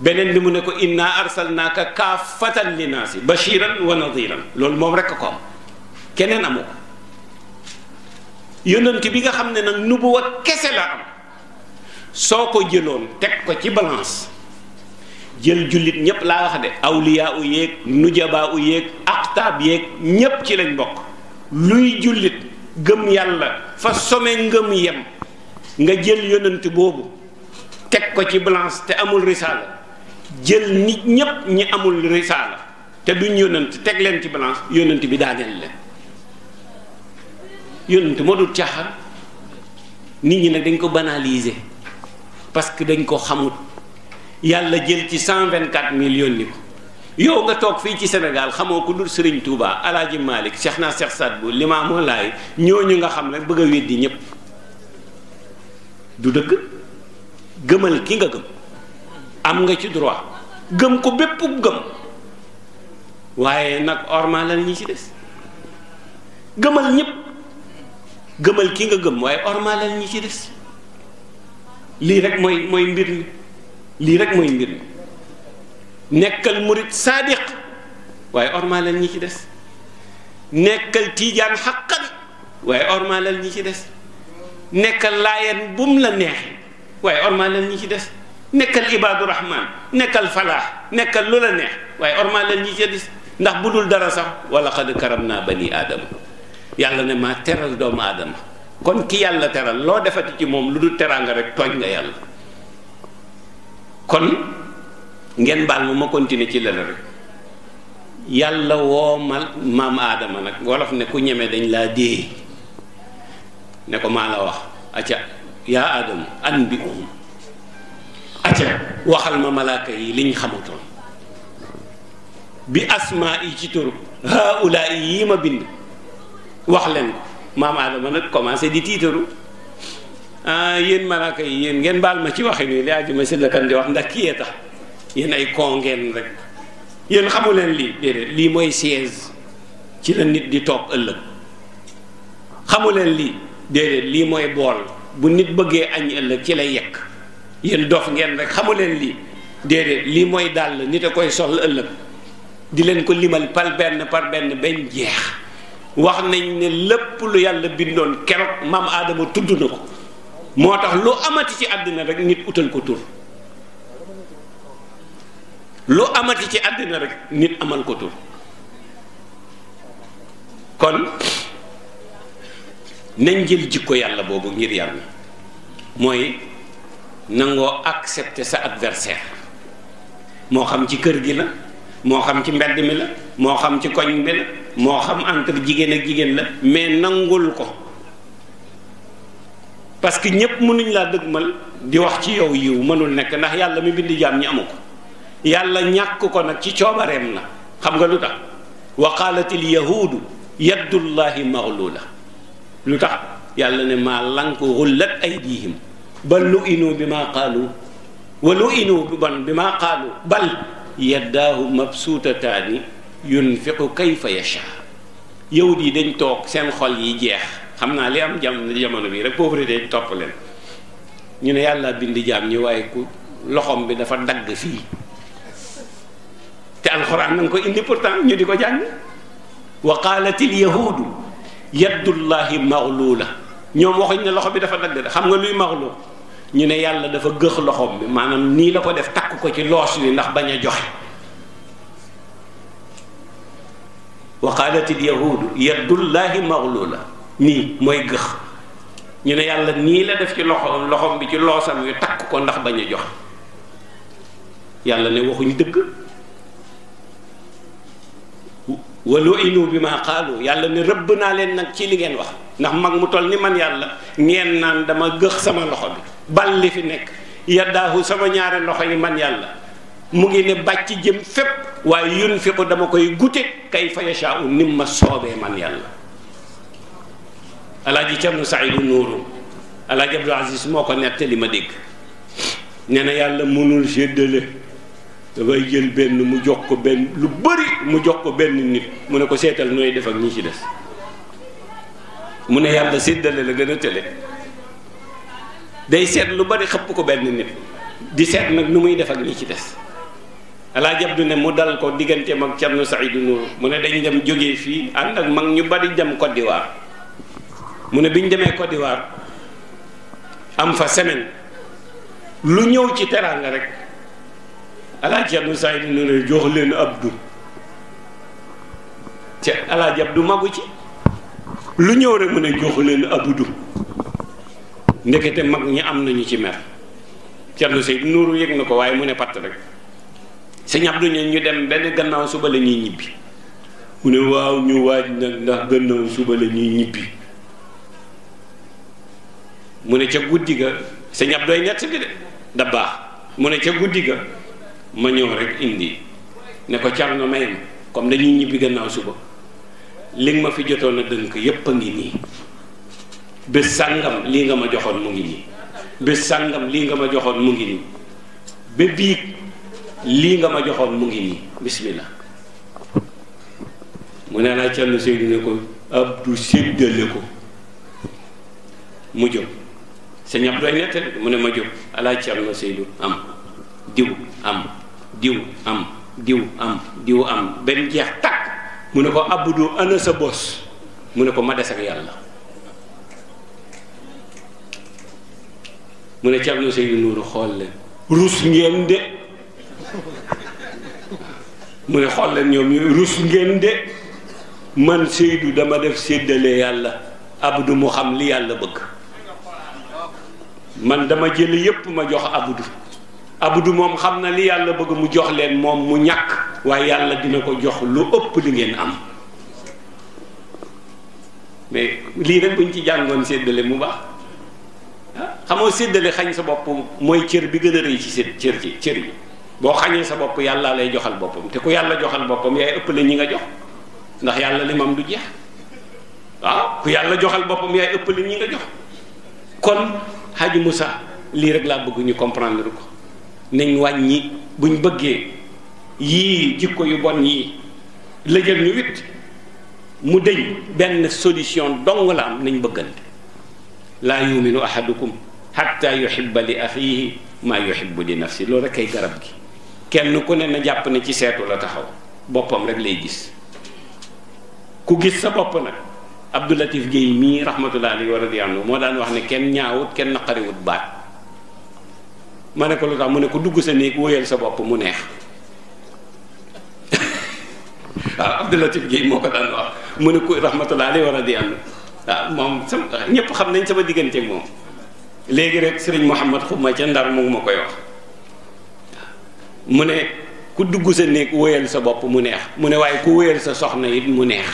beneen bi mu ne ko inna arsalnaaka kaafatan linnaasi bashiran wa nadiran loolu moom rekk ko am keneen amu ko yonent bi nga xam ne nag nubuwa kese la am soo ko jëloon teg ko ci balance jël jullit ñépp laa wax de awliyaa yéeg nujabaa yéeg aqtaab yéeg ñépp ci lañ mbokk luy jullit gëm yàlla fa some ngëm yem nga jël yonent boobu teg ko ci balance te amul risaala jël nit ñépp ñi amul risaala te duñ yónnant teg leen ci balance yónnant bi daaneel leen yónnant moo dul caaxaan nit ñi nag dañ ko banaliser parce que dañ ko xamut yàlla jël ci cent vingt quatre mille yónni ko yow nga toog fii ci senegal xamoo ko dul Serigne Touba El Hadj Malick Cheikh naa Cheikh Sadbou Limaamu Laay ñooñu nga xam rek bëgg a weddi ñëpp du dëgg gëmal ki nga gëm. am nga ci droit gëm ko bépp gëm waaye nag ormalal ñi ci des gëmal ñépp gëmal ki nga gëm waaye ormalal ñi ci des lii rek mooy mooy lii rek mooy mbir mi nekkal murit saadiq waaye ormalal ñi ci des nekkal tiijaan xaqan waaye ormalal ñi ci des nekkal laayeen bum la neex waaye ormalal ñi ci des nekkal ibaadu rahman nekkal falaax nekkal lu la neex waaye ormaa leen ñi ca ndax bu dul dara sax wala xad karam naa bani aadama yàlla ne maa teral doomu aadama kon ki yàlla teral loo defati ci moom lu dul teraanga rek tooñ nga yàlla kon ngeen baal mu ma continuer ci lële rek yàlla ma maam aadama nag wolof ne ku ñeme dañ laa dee ne ko maa la wax acca yaa aadama an bi um acca waxal ma malaaka yi liñ xamutoon bi asmaa yi ci turu haula yi ma bind wax leen ko maam Adama nag commencé di tiitaru ah yéen malaaka yi yéen ngeen baal ma ci waxi nii li ma si la kan di wax ndax kii yee tax yéen ay koo ngeen rek yéen xamu leen lii déedéet lii mooy siège ci la nit di toog ëllëg xamu leen lii déedéet lii mooy bool bu nit bëggee añ ëllëg ci lay yekk yéen dox ngeen rek xamu leen lii déedéet lii mooy dàll nit a koy sol ëllëg di leen ko limal par benn par jeex wax nañ ne lépp lu yàlla bindoon keroog maam aadama tudd na ko moo tax lu amati ci àddina rek nit utal ko tur lu amati ci àddina rek nit amal ko tur kon nañ jël jikko yàlla boobu ngir yàlla mooy nangoo accepter sa adversaire moo xam ci kër gi la moo xam ci mbedd mi la moo xam ci koñ bi la moo xam entre jigéen ak jigéen la mais nangul ko parce que ñépp mënuñ laa dëgg dëgmal di wax ci yow yiw mënul nekk ndax yàlla mu bind jaam ñi amu ko yàlla ñàkk ko nag ci coobareem la xam nga lu tax wa qaalatil yahuudu yaddullahi maxluula lu tax yàlla ne maa lank xullat aydihim bal lu inu bi maa qaalu wa lu inu ban bi maa qaalu bal yi dañ toog seen xol yi jeex xam naa li am jam jamono bi rek pauvreté topp leen ñu ne yàlla bindi jaam ñi waaye ku loxoom bi dafa dagg fii te alxuraan nanga ko indi pourtant ñu di ko jàng wa qaalatil yahuudu yaddullahi maxluula ñoom waxuñ ne loxo bi dafa dagg de xam nga luy maxluul ñu ne yàlla dafa gëx loxoom bi maanaam nii la ko def takk ko ci loos bi ndax bañ a joxe wa qaalatil yahuudu yaddullaahi maxluula nii mooy gëx ñu ne yàlla nii la def ci loxo loxoom bi ci loosam yu takk ko ndax bañ a joxe yàlla ne waxuñ dëgg walo inu bi ma xaaloo yàlla ne rëbb naa leen nag ci li ngeen wax ndax mag mu toll ni man yàlla ngeen naan dama gëx sama loxo bi bal li fi nekk yaddaahu sama ñaari loxo yi man yàlla mu ngi ne bàcc jëm fépp waaye yun fi dama koy gute kay fa yashaau nim ma soobee man yàlla alaaji Cerno Saidu Nuuru alaaji Abdul Aziz moo ko nettali ma dégg nee na yàlla mënul séddale dafay jël benn mu jox ko benn lu bari mu jox ko benn nit mu ne ko seetal nooy def ak ñi ci des mu ne yàlla séddale la gën a tële day seet lu bari xëpp ko benn nit di seet nag ni muy def ak ñi ci des alaa jab du ne mu dal ko digganteem ak Cerno Saydu Nuuru mu ne dañ dem jóge fii ànd ak mag ñu bari dem Côte mu ne bi ñu demee Côte d'Ivoire am fa semaine lu ñëw ci teraanga rek alaaji Abdou Saïd nu ne jox leen Abdou te alaaji Abdou magu ci lu ñëw rek mu ne jox leen Abdou ndekete mag ñi am nañu ci mer Cerno Seydou Nourou yëg na ko waaye mu ne patt rek sëñ Abdou ñun ñu dem benn gannaaw suba la ñuy ñibbi mu ne waaw ñu waaj nag ndax gannaaw suba la ñuy ñibbi mu ne ca guddi ga sëñ Abdou nett bi da baax mu ne ca guddi ga ma ñëw rekk indi ne ko Thierno Mayem comme dañuy ñibbi gannaaw suba li nga ma fi jotoon a dënk yépp a ngi nii bés sàngam lii nga ma joxoon mu ngi nii bés sàngam lii nga ma joxoon mu ngi nii ba biig lii nga ma joxoon mu ngi nii bismillah mu ne laa Thierno Seydou ne ko Abdou séddale ko mu jóg sa ñab doy nettali mu ne ma jóg alaa Thierno Seydou am diw am diw am diw am diw am benn jeex takk mu ne ko abdu ana sa bos mu ne ko ma des ak yàlla mu ne Cerno Seydou Nourou xool leen rus ngeen de mu ne xool leen ñoom ñu rus ngeen de man Seydou dama def séddale yàlla abdu mu xam li yàlla bëgg man dama jël yépp ma jox abdu abu abdu moom xam na li yàlla bëgg mu jox leen moom mu ñàkk waaye yàlla dina ko jox lu ëpp li ngeen am mais lii rek buñ ci jàngoon séddale mu baax ah, xamoo séddale xañ sa bopp mooy cër bi gën a rëy ci sét cër ci cër yi boo xañee sa bopp yàlla lay joxal boppam te ku yàlla joxal boppam yaay ëppale ñi nga jox ndax yàlla li mam du jeex waaw ah, ku yàlla joxal boppam yaay ëppale ñi nga jox kon Haji sa lii rek laa bëgguñu ñu comprendre ko nañ wàññi buñ bëggee yii jikko yu bon yii lëjal ñu wit mu dëñ benn solution dong la am nañ bëggante laa yuminu ahadukum hatta yuhibba li axiihi maa yuhibbu li nafsi loolu rek ay garab gi kenn ku ne na jàpp ne ci seetu la taxaw boppam rek lay gis ku gis sa bopp nag Abdoulatif Guèye mii rahmatullahi alayhi wa radiyallahu moo daan wax ne kenn ñaawut kenn naqariwut baat ma ne ko lu tax mu ne ko dugg sa néeg wóoyal sa bopp mu neex waaw ah, Abdoulatif Guèye moo ko daan wax mu ne ko rahmatullah alayhi wa radiyallahu waaw ah, moom sama ñépp xam nañ sama diggante moom léegi rek sëriñ Mouhamad ma ca ndar mu ma koy wax mu ne ku dugg sa néeg woyal sa bopp mu neex mu ne waaye ku woyal sa soxna yit mu neex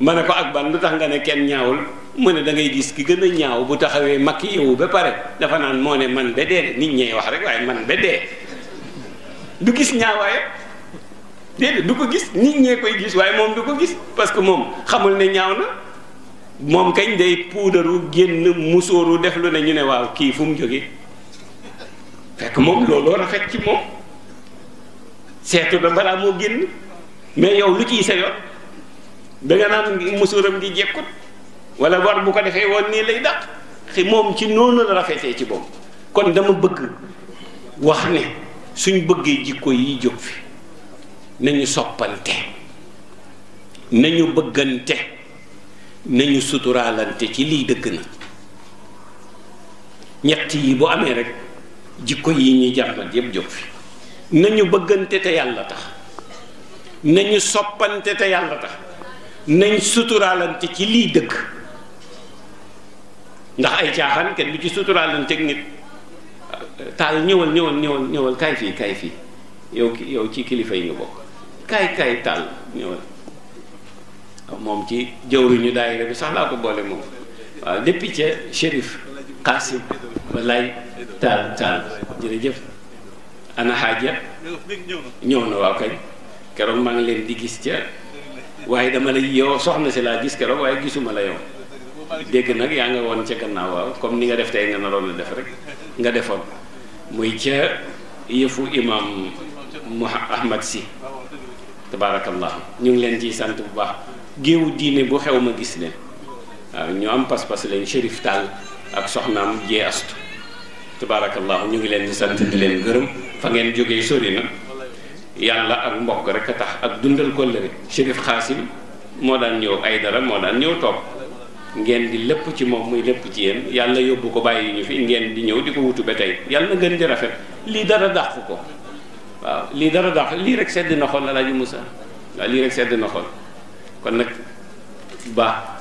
ma ne ko ak ban lu tax nga ne kenn ñaawul mu ne da ngay gis ki gën a ñaaw bu taxawee ki yow ba pare dafa naan moo ne man ba dee nit ñee wax rek waaye man ba dee du gis ñaawaayam déedéet du ko gis nit ñee koy gis waaye moom du ko gis parce que moom xamul ne ñaaw na moom kañ day puudaru génn musóoru def lu ne ñu ne waaw kii fu mu jógee fekk moom looloo rafet ci moom seetu ba balaa moo génn mais yow lu ci sa yoon da nga naan musóoram gi jekkut wala war bu ko defee woon nii lay dàq xi moom ci noonu la rafetee ci moom kon dama bëgg wax ne suñ bëggee jikko yi jóg fi nañu soppante nañu bëggante nañu suturaalante ci lii dëgg na ñett yi bu amee rekk jikko yi ñuy jàmbat yépp jóg fi nañu bëggante te yàlla tax nañu soppante te yàlla tax nañ suturaalante ci liy dëgg ndax ay caaxaan kenn du ci suturaalanteeg nit taal ñëwal ñëwal ñëwal ñëwal fii kay fii yow ki yow ci kilifa yi nga bokk kaay kaay taal moom ci jëwriñu daayira bi sax laa ko boole moom waaw depuis ca shérif Qassim wallaay taal taal jërëjëf ana xaaja ñëw na waaw kañ keroog maa ngi leen di gis ca waaye dama la yow soxna si laa gis keroog waaye gisuma la yow dégg nag yaa nga woon ca gannaaw waaw comme ni nga def tey nga naroon a def rek nga defoon muy ca yëfu imam Mouha Ahmad si tabaarakallahu ñu ngi leen ci sant bu baax géewu diine bu xew ma gis leen waaw ñu am pas-pas leen Chérif Tall ak soxnaam jee astu tabaarakallahu ñu ngi leen di sant di leen gërëm fa ngeen jógee sori na la ak mbokk rek a tax ak dundal kóllëre Chérif Xaasim moo daan ñëw ay dara moo daan ñëw toog ngeen di lépp ci moom muy lépp ci yéen yàlla yóbbu ko bàyyi ñu fi ngeen di ñëw di ko wutu ba tey yàlla na gën di rafet lii dara dàq ko waaw lii dara dàq lii rek sedd na xol alaaji Moussa waaw lii rek sedd na xol kon nag ba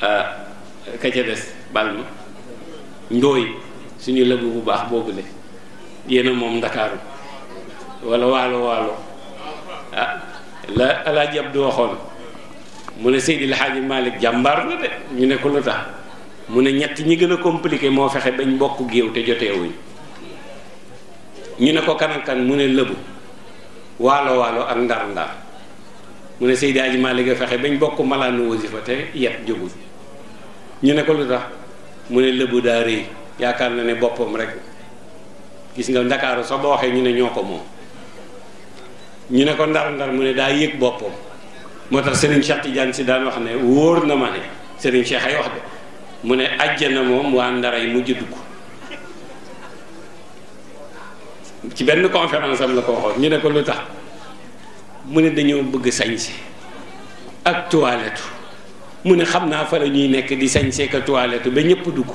ah, ka ca des bal ma ndooy suñu lëbu bu baax boobule yéen a moom ndakaaru wala waalo waalo ah la alaaji Abdu waxoon mu ne Seydi El Hadji Malick jàmbaar la de ñu ne ko lu tax mu ne ñett ñi gën a compliqué moo fexe bañ bokk géew te joteewuñ ñu ne ko kanakan mu ne lëbu waalo waalo ak ndar ndar mu ne Seydi El Hadji Malick a fexe bañ bokk malaanu wasifa te yet jógul ñu ne ko lu tax mu ne lëbu daa rëy yaakaar na ne boppam rek gis nga ndakaaru soo ba waxee ñu ne ñoo ko moom ñu ne ko ndar ndar mu ne daa yëg boppam moo tax Serigne Cheikh Tidiane si daan wax ne wóor na ma ne Serigne Cheikh ay wax de mu ne àjjana moom waa ndaray mujj dugg ci benn conférence am la ko waxoon ñu ne ko lu tax mu ne dañoo bëgg sañse ak toilette mu ne xam naa fa la ñuy nekk di sañse ak toilette ba ñëpp dugg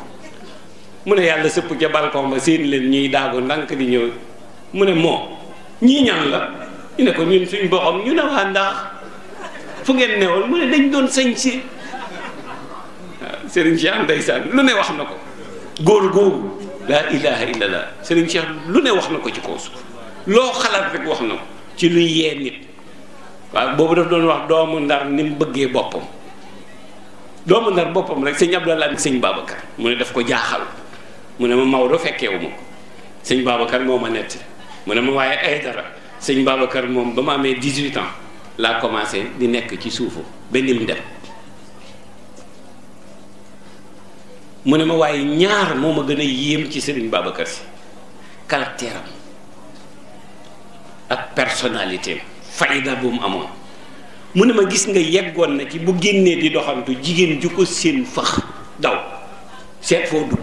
mu ne yàlla sëpp ca balcon ba seen leen ñuy daagu ndànk di ñëw mu ne moo ñii ñan la ñu ne ko ñun suñ boxam ñu ne waa ndax fu ngeen newoon mu ne dañ doon sañ si waaw Serigne Cheikh ndeysaan lu ne wax na ko góor googu laa ilaha illallah Serigne Cheikh lu ne wax na ko ci kaw suuf loo xalaat rek wax na ko ci luy yee nit waaw boobu daf doon wax doomu ndar ni mu bëggee boppam doomu ndar boppam rek sëñ Abdallah ak sëñ Babacar mu ne daf ko jaaxal mu ne ma Maodo fekkeewu ma ko sëñ Babacar moo ma nett mu ne ma waaye aytara dara sëñ Babacar moom ba ma amee 18 ans. laa commencé di nekk ci suufu ba nim dem mu ne ma waaye ñaar moo ma gën a yéem ci Serigne Babacar Sy caractère am ak personnalité fayda bu mu amoon mu ne ma gis nga yeggoon na ci bu génnee di doxantu jigéen ju ko seen fëx daw seet foo dugg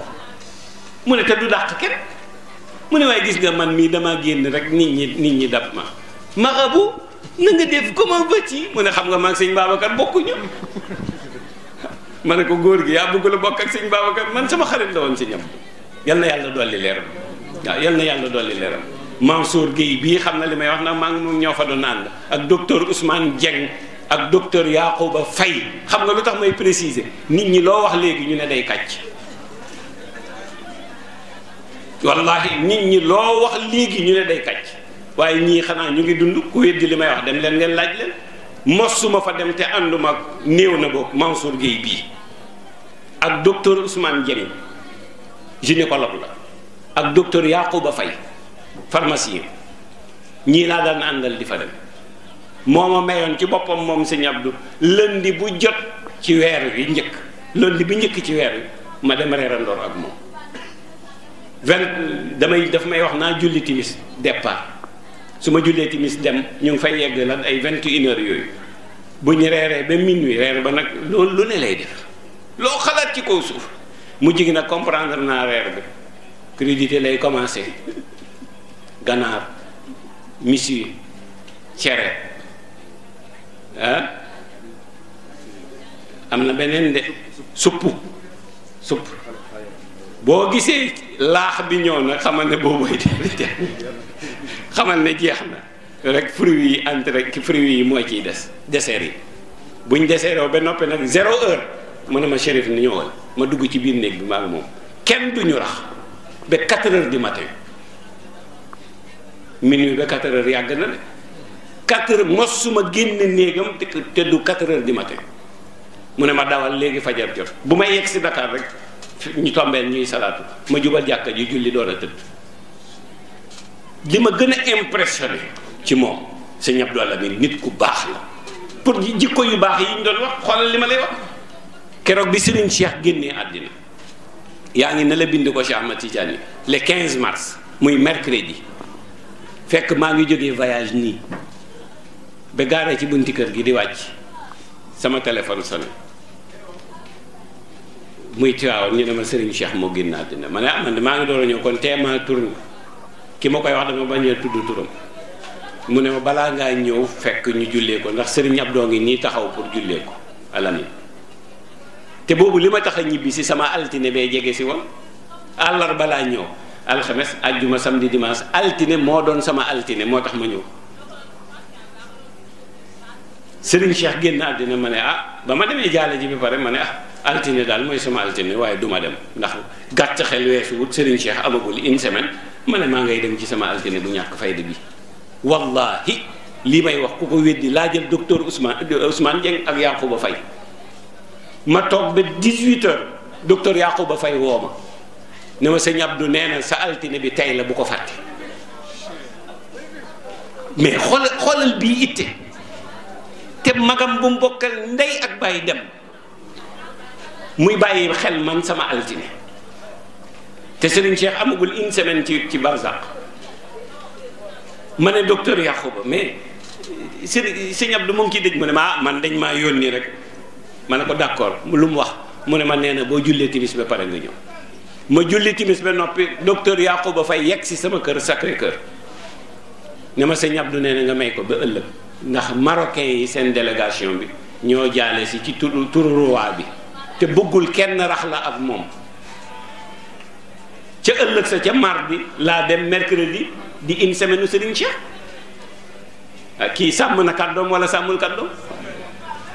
mu ne te du dàq kenn mu ne waaye gis nga man mii dama génn rek nit ñi nit ñi dab ma maxabu na nga def comment vas-tu mu ne xam nga maag sëñ Babacar bokkuñu ma ne ko góor gi yaa bëgg la bokk ak sëñ Babacar man sama xarit la woon si ñam yal na yàlla dolli leeram waaw yal na yàlla dolli leeram soor Guèye bii xam na li may wax na maa ngi moom ñoo fa doon naan ak docteur Ousmane Dieng ak docteur Yaquba fay xam nga lu tax may préciser nit ñi loo wax léegi ñu ne day kàcc wallahi nit ñi loo wax léegi ñu ne day kàcc waaye ñii xanaa ñu ngi dund ku weddi li may wax dem leen ngeen laaj leen suma fa dem te ànduma ak néew na boog Mansour Guèye bii ak docteur Ousmane Dieng gynécologue la ak docteur Yacouba Faye pharmacien ñii laa daan àndal di fa dem moo ma mayoon ci boppam moom sëñ Abdou lundi bu jot ci weer wi njëkk lundi bi njëkk ci weer wi ma dem reerandoor ak moom vingt damay daf may wax naa julli timis départ su ma jullee timis dem ñu ngi fay yegg lan ay vingt et une yooyu bu ñu reeree ba minuit reer ba nag loolu lu ne lay def loo xalaat ci kaw suuf mu jigi nag comprendre naa reer bi crédité lay commencé ganaar monsieur cere ah? am na beneen de supp supp boo gisee laax bi ñëw nag xamal ne boobu xamal ne jeex na rek fruits yi entre fruits yi mooy ciy des dessert yi buñ dessertoo ba noppi nag zéro heure mu ne ma shérif ni ñëwal ma dugg ci biir néeg bi maa moom kenn duñu rax ba quatre heures du matin minuit ba quatre heures na de quatre heures mosuma génn néegam te du quatre heures du matin mu ne ma dawal léegi fajar jot bu ma yegg si Dakar rek ñu tombeel ñuy salaatu ma jubal jàkka ji julli doon a tëdd li ma gën a impressionné ci moom sëñ Abdou Alamine nit ku baax la pour jikko yu baax yi ñu doon wax xoolal li ma lay wax keroog bi Serigne Cheikh génne àddina yaa ngi ne la bind ko Cheikh Ahmad Tidiane le 15 mars muy mercredi fekk maa ngi jógee voyage nii ba gaaree ci bunti kër gi di wàcc sama téléphone sonné muy Tiwaawan ñu ne ma Serigne moo génn àddina ma ne ah man maa ngi door a ñëw kon teemaa tourne ki ma koy wax dama bañ a tudd turam mu ne ma balaa ngaa ñëw fekk ñu jullee ko ndax sëriñ doo ngi nii taxaw pour jullee ko alami te boobu li ma tax a ñibbi si sama altine bee jege si woon àllar balaa ñëw alxames ajjuma samedi dimanche altine moo doon sama altine moo tax ma ñëw sëriñ Cheikh génn àddina ma ne ah ba ma demee jaale ji bi pare ma ne ah altine daal mooy sama altine waaye duma dem ndax gàtt xel weesu wut sëriñ Cheikh amagul une semaine ma ne maa ngay dem ci sama altine bu ñàkk fayda bi wallahi lii may wax ku ko weddi laa jël docteur Ousmane Ousmane Dieng ak Yaquba Fay ma toog ba 18 heures docteur Yaquba Fay woo ma ne ma sëñ Abdou nee na sa altine bi tey la bu ko fàtte mais xoolal xoolal bii itte te magam bu mbokkal ndey ak bàyyi dem muy bàyyi xel man sama altine te Serigne Cheikh amagul une semaine ci ci Barzak ma ne docteur Yakhouba mais Serigne Serigne Abdou moom ki ciy dégg mu ne ma ah, man dañ ma yónni rek ma ne ko d'accord lu mu wax mu ne ma nee na boo jullee timis ba pare nga ñëw ma julli timis ba noppi docteur ba fay yegg si sama kër Sacré Cœur ne ma Serigne Abdou nee na nga may ko ba ëllëg ndax marocain yi seen délégation bi ñoo jaale si ci turu turu roi bi te bëggul kenn rax la ak moom. ca ëllëg sa ca mardi laa dem mercredi di une semaine Serigne Cheikh ah, kii sàmm na kàddoom wala sàmmul kàddoom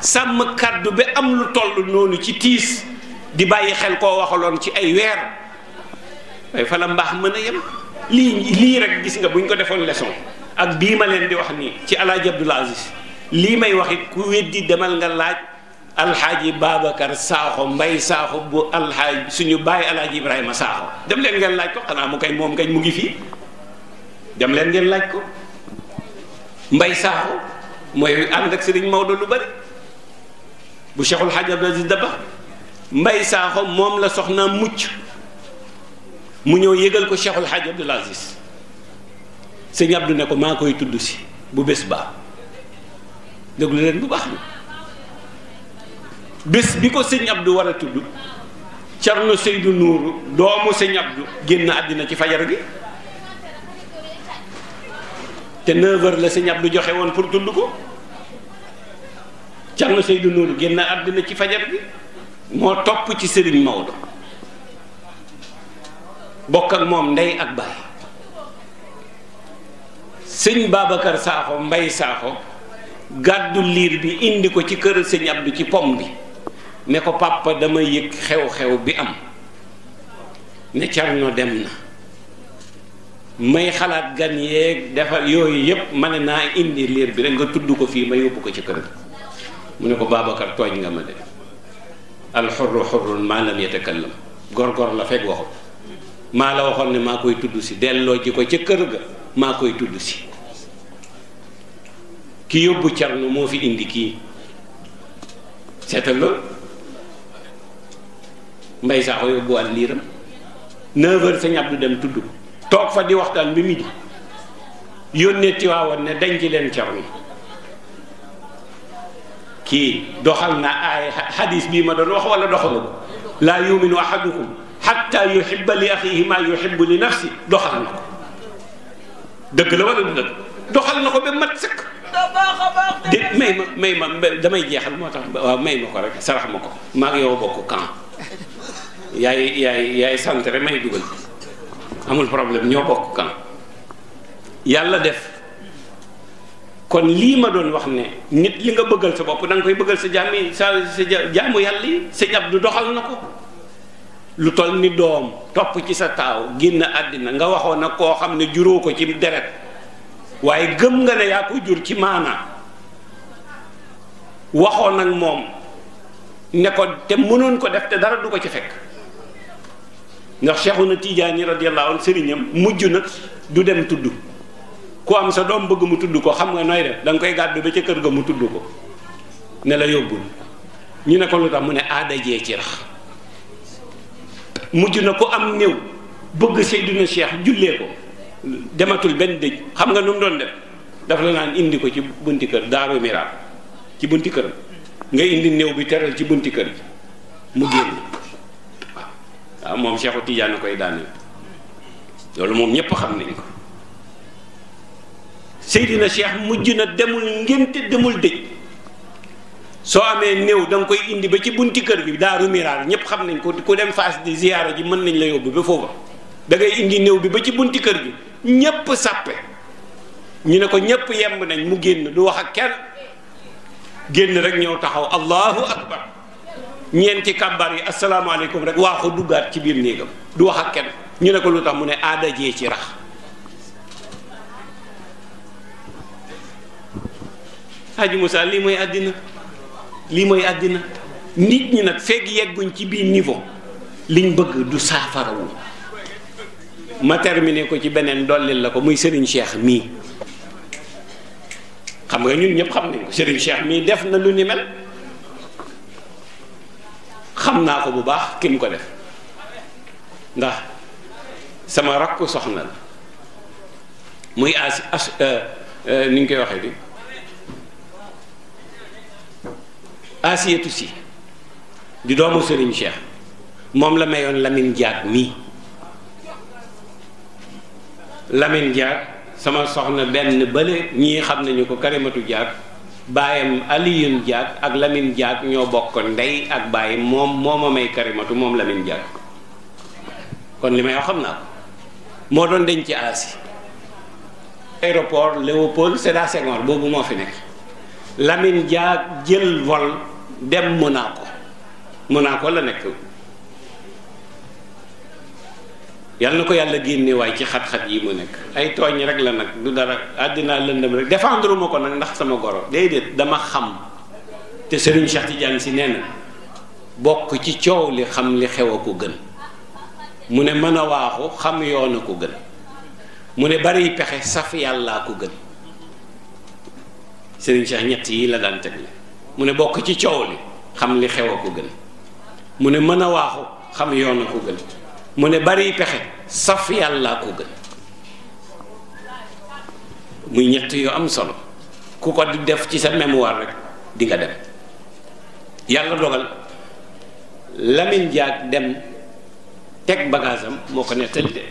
sàmm kàddu bi am lu toll noonu ci tiis di bàyyi xel koo waxaloon ci ay weer waaye fa la mbaax mën a yem lii lii rek gis nga buñ ko defoon leçon ak bii ma leen di wax nii ci alaaji Abdoul Aziz lii may wax it ku weddi demal nga laaj alxaaji Babacar Sakho Mbay Sakho bu alxaaj suñu baay alxaaji Ibrahima Sakho dem leen ngeen laaj ko xanaa mu kay moom kañ mu ngi fii dem leen ngeen laaj ko Mbay Sakho mooy ànd ak lu bari bu Cheikhul Hadj Abdou Aziz Mbay Sakho moom la soxna mucc mu ñëw yëgal ko Cheikhul Hadj Abdou Aziz sëñ Abdou ne ko maa koy tudd si bu bés baa déglu leen bu baax na bés bi ko sëñ Abdou war a tudd Cerno Seydou Nourou doomu sëñ Abdou génn àddina ci fajar gi te 9h la sëñ Abdou joxe woon pour tudd ko Cerno Seydou Nourou génn àddina ci fajar gi moo topp ci Serigne Maodo bokk ak moom ndey ak baay sëñ Babacar Sakho Mbay Sakho gàddu liir bi indi ko ci kër sëñ Abdou ci pom bi ne ko papa dama yëg xew-xew bi am ne Thierno dem na may xalaat gan yee defar yooyu yëpp ma ne naa indi liir bi rek nga tudd ko fii ma yóbbu ko ci kër mu ne ko Babacar tooñ nga ma de alxurru xurrun maa lam yatakallam góor la fekk maa la waxoon ne maa koy tudd si delloo ji ko ca kër ga maa koy tudd si ki yóbbu Thierno moo fi indi kii seetal loolu mbay saaxo yóbbuwaat liiram 9 sa ñab du dem tudd ko toog fa di waxtaan bi midi yónnee Tiwaawan ne dañ ci leen caw kii doxal na ay hadis bii ma doon wax wala doxalu ko laa yuminu ahadukum xatta yuhibba li axihi ma yuhibbu li nafsi doxal na ko dëgg la wala du dëgg doxal na ko ba mat sëkk may ma may ma damay jeexal moo tax waaw may ma ko rek sarax ma ko maa yow bokk camp yaay yaay yaay centre may dugal amul problème ñoo bokk kan yàlla def kon lii ma doon wax ne nit li nga bëggal sa bopp da koy bëggal sa jaami sa sa jaamu yàlla yi sëñ Abdu doxal na ko lu toll ni doom topp ci sa taaw génn àddina nga waxoon na koo xam ne juróo ko ci deret waaye gëm nga ne yaa ko jur ci maanaa waxoon ak moom ne ko te mënoon ko def te dara du ko ci fekk ndax na Cheikhuna Tijaani radiyallahu anhu sëriñam mujj na du dem tudd ku am sa doom bëgg mu tudd ko xam nga nooy def da nga koy gàddu ba ca kër ga mu tudd ko ne la yóbbul ñu ne ko lu tax mu ne aada jee ci rax mujj na ku am néew bëgg Seydina Cheikh jullee ko dematul benn dëj xam nga nu mu doon def daf la naan indi ko ci bunti kër daaru miraal ci bunti këram nga indi néew bi teral ci bunti kër mu génn waaw ah, moom Seexu Tijaan koy daaneel loolu moom ñépp xam nañ ko Seydina Cheikh mujj na demul ngénte demul dëj soo amee néew danga koy indi ba ci bunti kër gi daaru miraar ñépp xam nañ ko ku dem faas di ziyaara ji mën nañ la yóbbu ba foofa da ngay indi néew bi ba ci bunti kër gi ñépp sàppe ñu ne ko ñépp yemb nañ mu génn du wax ak kenn génn rek ñëw taxaw allahu akbar ñeenti kàmbar yi asalaamaaleykum rek ko duggaat ci biir néegam du wax ak kenn ñu ne ko lu tax mu ne aada jee ci rax Haji Moussa lii mooy àddina lii mooy àddina nit ñi nag fekk yegguñ ci biir niveau liñ bëgg du saafarawu ma terminé ko ci beneen dollil la ko muy Serigne Cheikh mii xam nga ñun ñëpp xam nañ ko Serigne mii def na lu ni mel. xam naa ko bu baax ki mu ko def ndax sama rakku soxna la muy as as euh, euh, ni ñu koy waxee bi asiyatu si di doomu Serigne Cheikh moom la mayoon lamin Diak mii Lamine Diak sama soxna benn bële ñii xam nañu ko Karimatu Diak. baayam Aliyun Diak ak Lamine Diak ñoo bokk ndey ak baay moom moo ma may karimatu moom Lamine Diak kon li may wax xam naa ko moo doon denc Aasi aéroport Léopold Sédar Senghor boobu moo fi nekk Lamine Diak jël vol dem Monaco ko la nekk yàlla na ko yàlla génne waay ci xat-xat yi mu nekk ay tooñ rek la nag du dara àddina lëndëm rek défendre ma ko nag ndax sama goro déedéet dama xam te Serigne Cheikh Tidiane si nee na bokk ci coow li xam li xew a ko gën mu ne mën a waaxu xam yoon a ko gën mu ne bari pexe saf yàllaa ko gën Serigne Cheikh ñett yi la daan tegle mu ne bokk ci coow li xam li xew a ko gën mu ne mën a waaxu xam yoon a ko gën mu ne bari pexe saf yàllaa ko gën muy ñett yu am solo ku ko di def ci sa mémoire rek di nga dem yàlla dogal Lamine Diack dem teg bagage am moo ko nettali de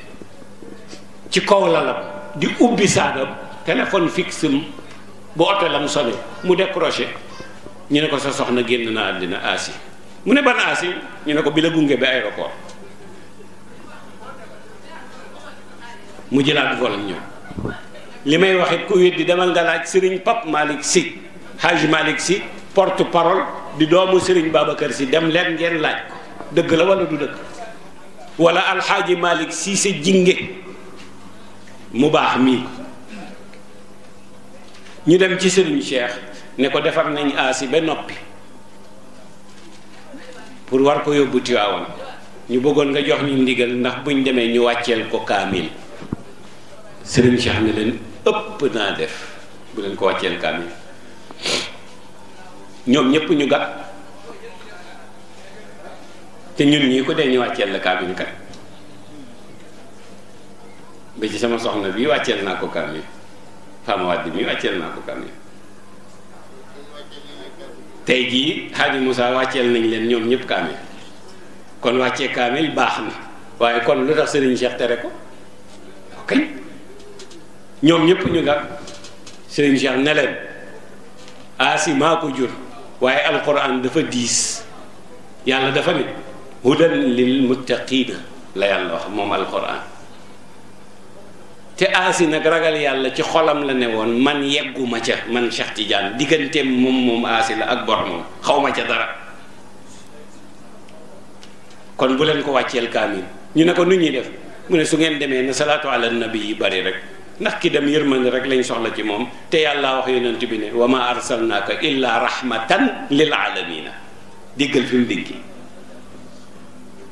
ci kaw lalam di ubbi saagam téléphone fixe bu oto lam solo mu décroché ñu ne ko sa soxna génn na àddina asi mu ne ban asi ñu ne ko bi la gunge bi aéroport mu jëlaat vol ñëw li may wax it ku weddi demal nga laaj Serigne Pape Malick Sy Hadj Malick Sy porte parole di doomu Serigne Babacar si dem leen ngeen laaj ko dëgg la wala du dëgg wala alxaaji Malick Sy sa jinge mu baax mii ñu dem ci Serigne Cheikh ne ko defar nañu aasi ba noppi pour war ko yóbbu Tiwaawan ñu bëggoon nga jox ñu ndigal ndax buñ demee ñu wàcceel ko kaamil sëriñ Cheikh ne leen ëpp naa def bu leen ko wàcceel kaamil ñoom ñëpp ñu gàtt te ñun ñii ko dee ñu wàcceel la kaamil kat ba ci sama soxna bii wàcceel naa ko kaamil Fama Wade mii wàcceel naa ko kaamil tey gii Hadji musaa wàcceel nañ leen ñoom ñëpp kaamil kon wàccee kaamil baax na waaye kon lu tax sëriñ Cheikh tere ko ok. ñoom ñëpp ñu nga Serigne Cheikh ne aasi maa ko jur waaye alquran dafa diis yàlla dafa ne hudan lil muttaqina la yàlla wax moom alquran te aasi nag ragal yàlla ci xolam la ne woon man yegguma ca man Cheikh Tidiane digganteem moom moom aasi la ak boromam xaw ma ca dara kon bu leen ko wàcceel kaamil ñu ne ko nu ñuy def mu ne su ngeen demee na salaatu ala nabi yi bari rek ndax ki dem yërmande rek lañ soxla ci moom te yàlla wax yonent bi ne wa ma arsalnaaka illa rahmatan lil alamina déggal fi mu dégg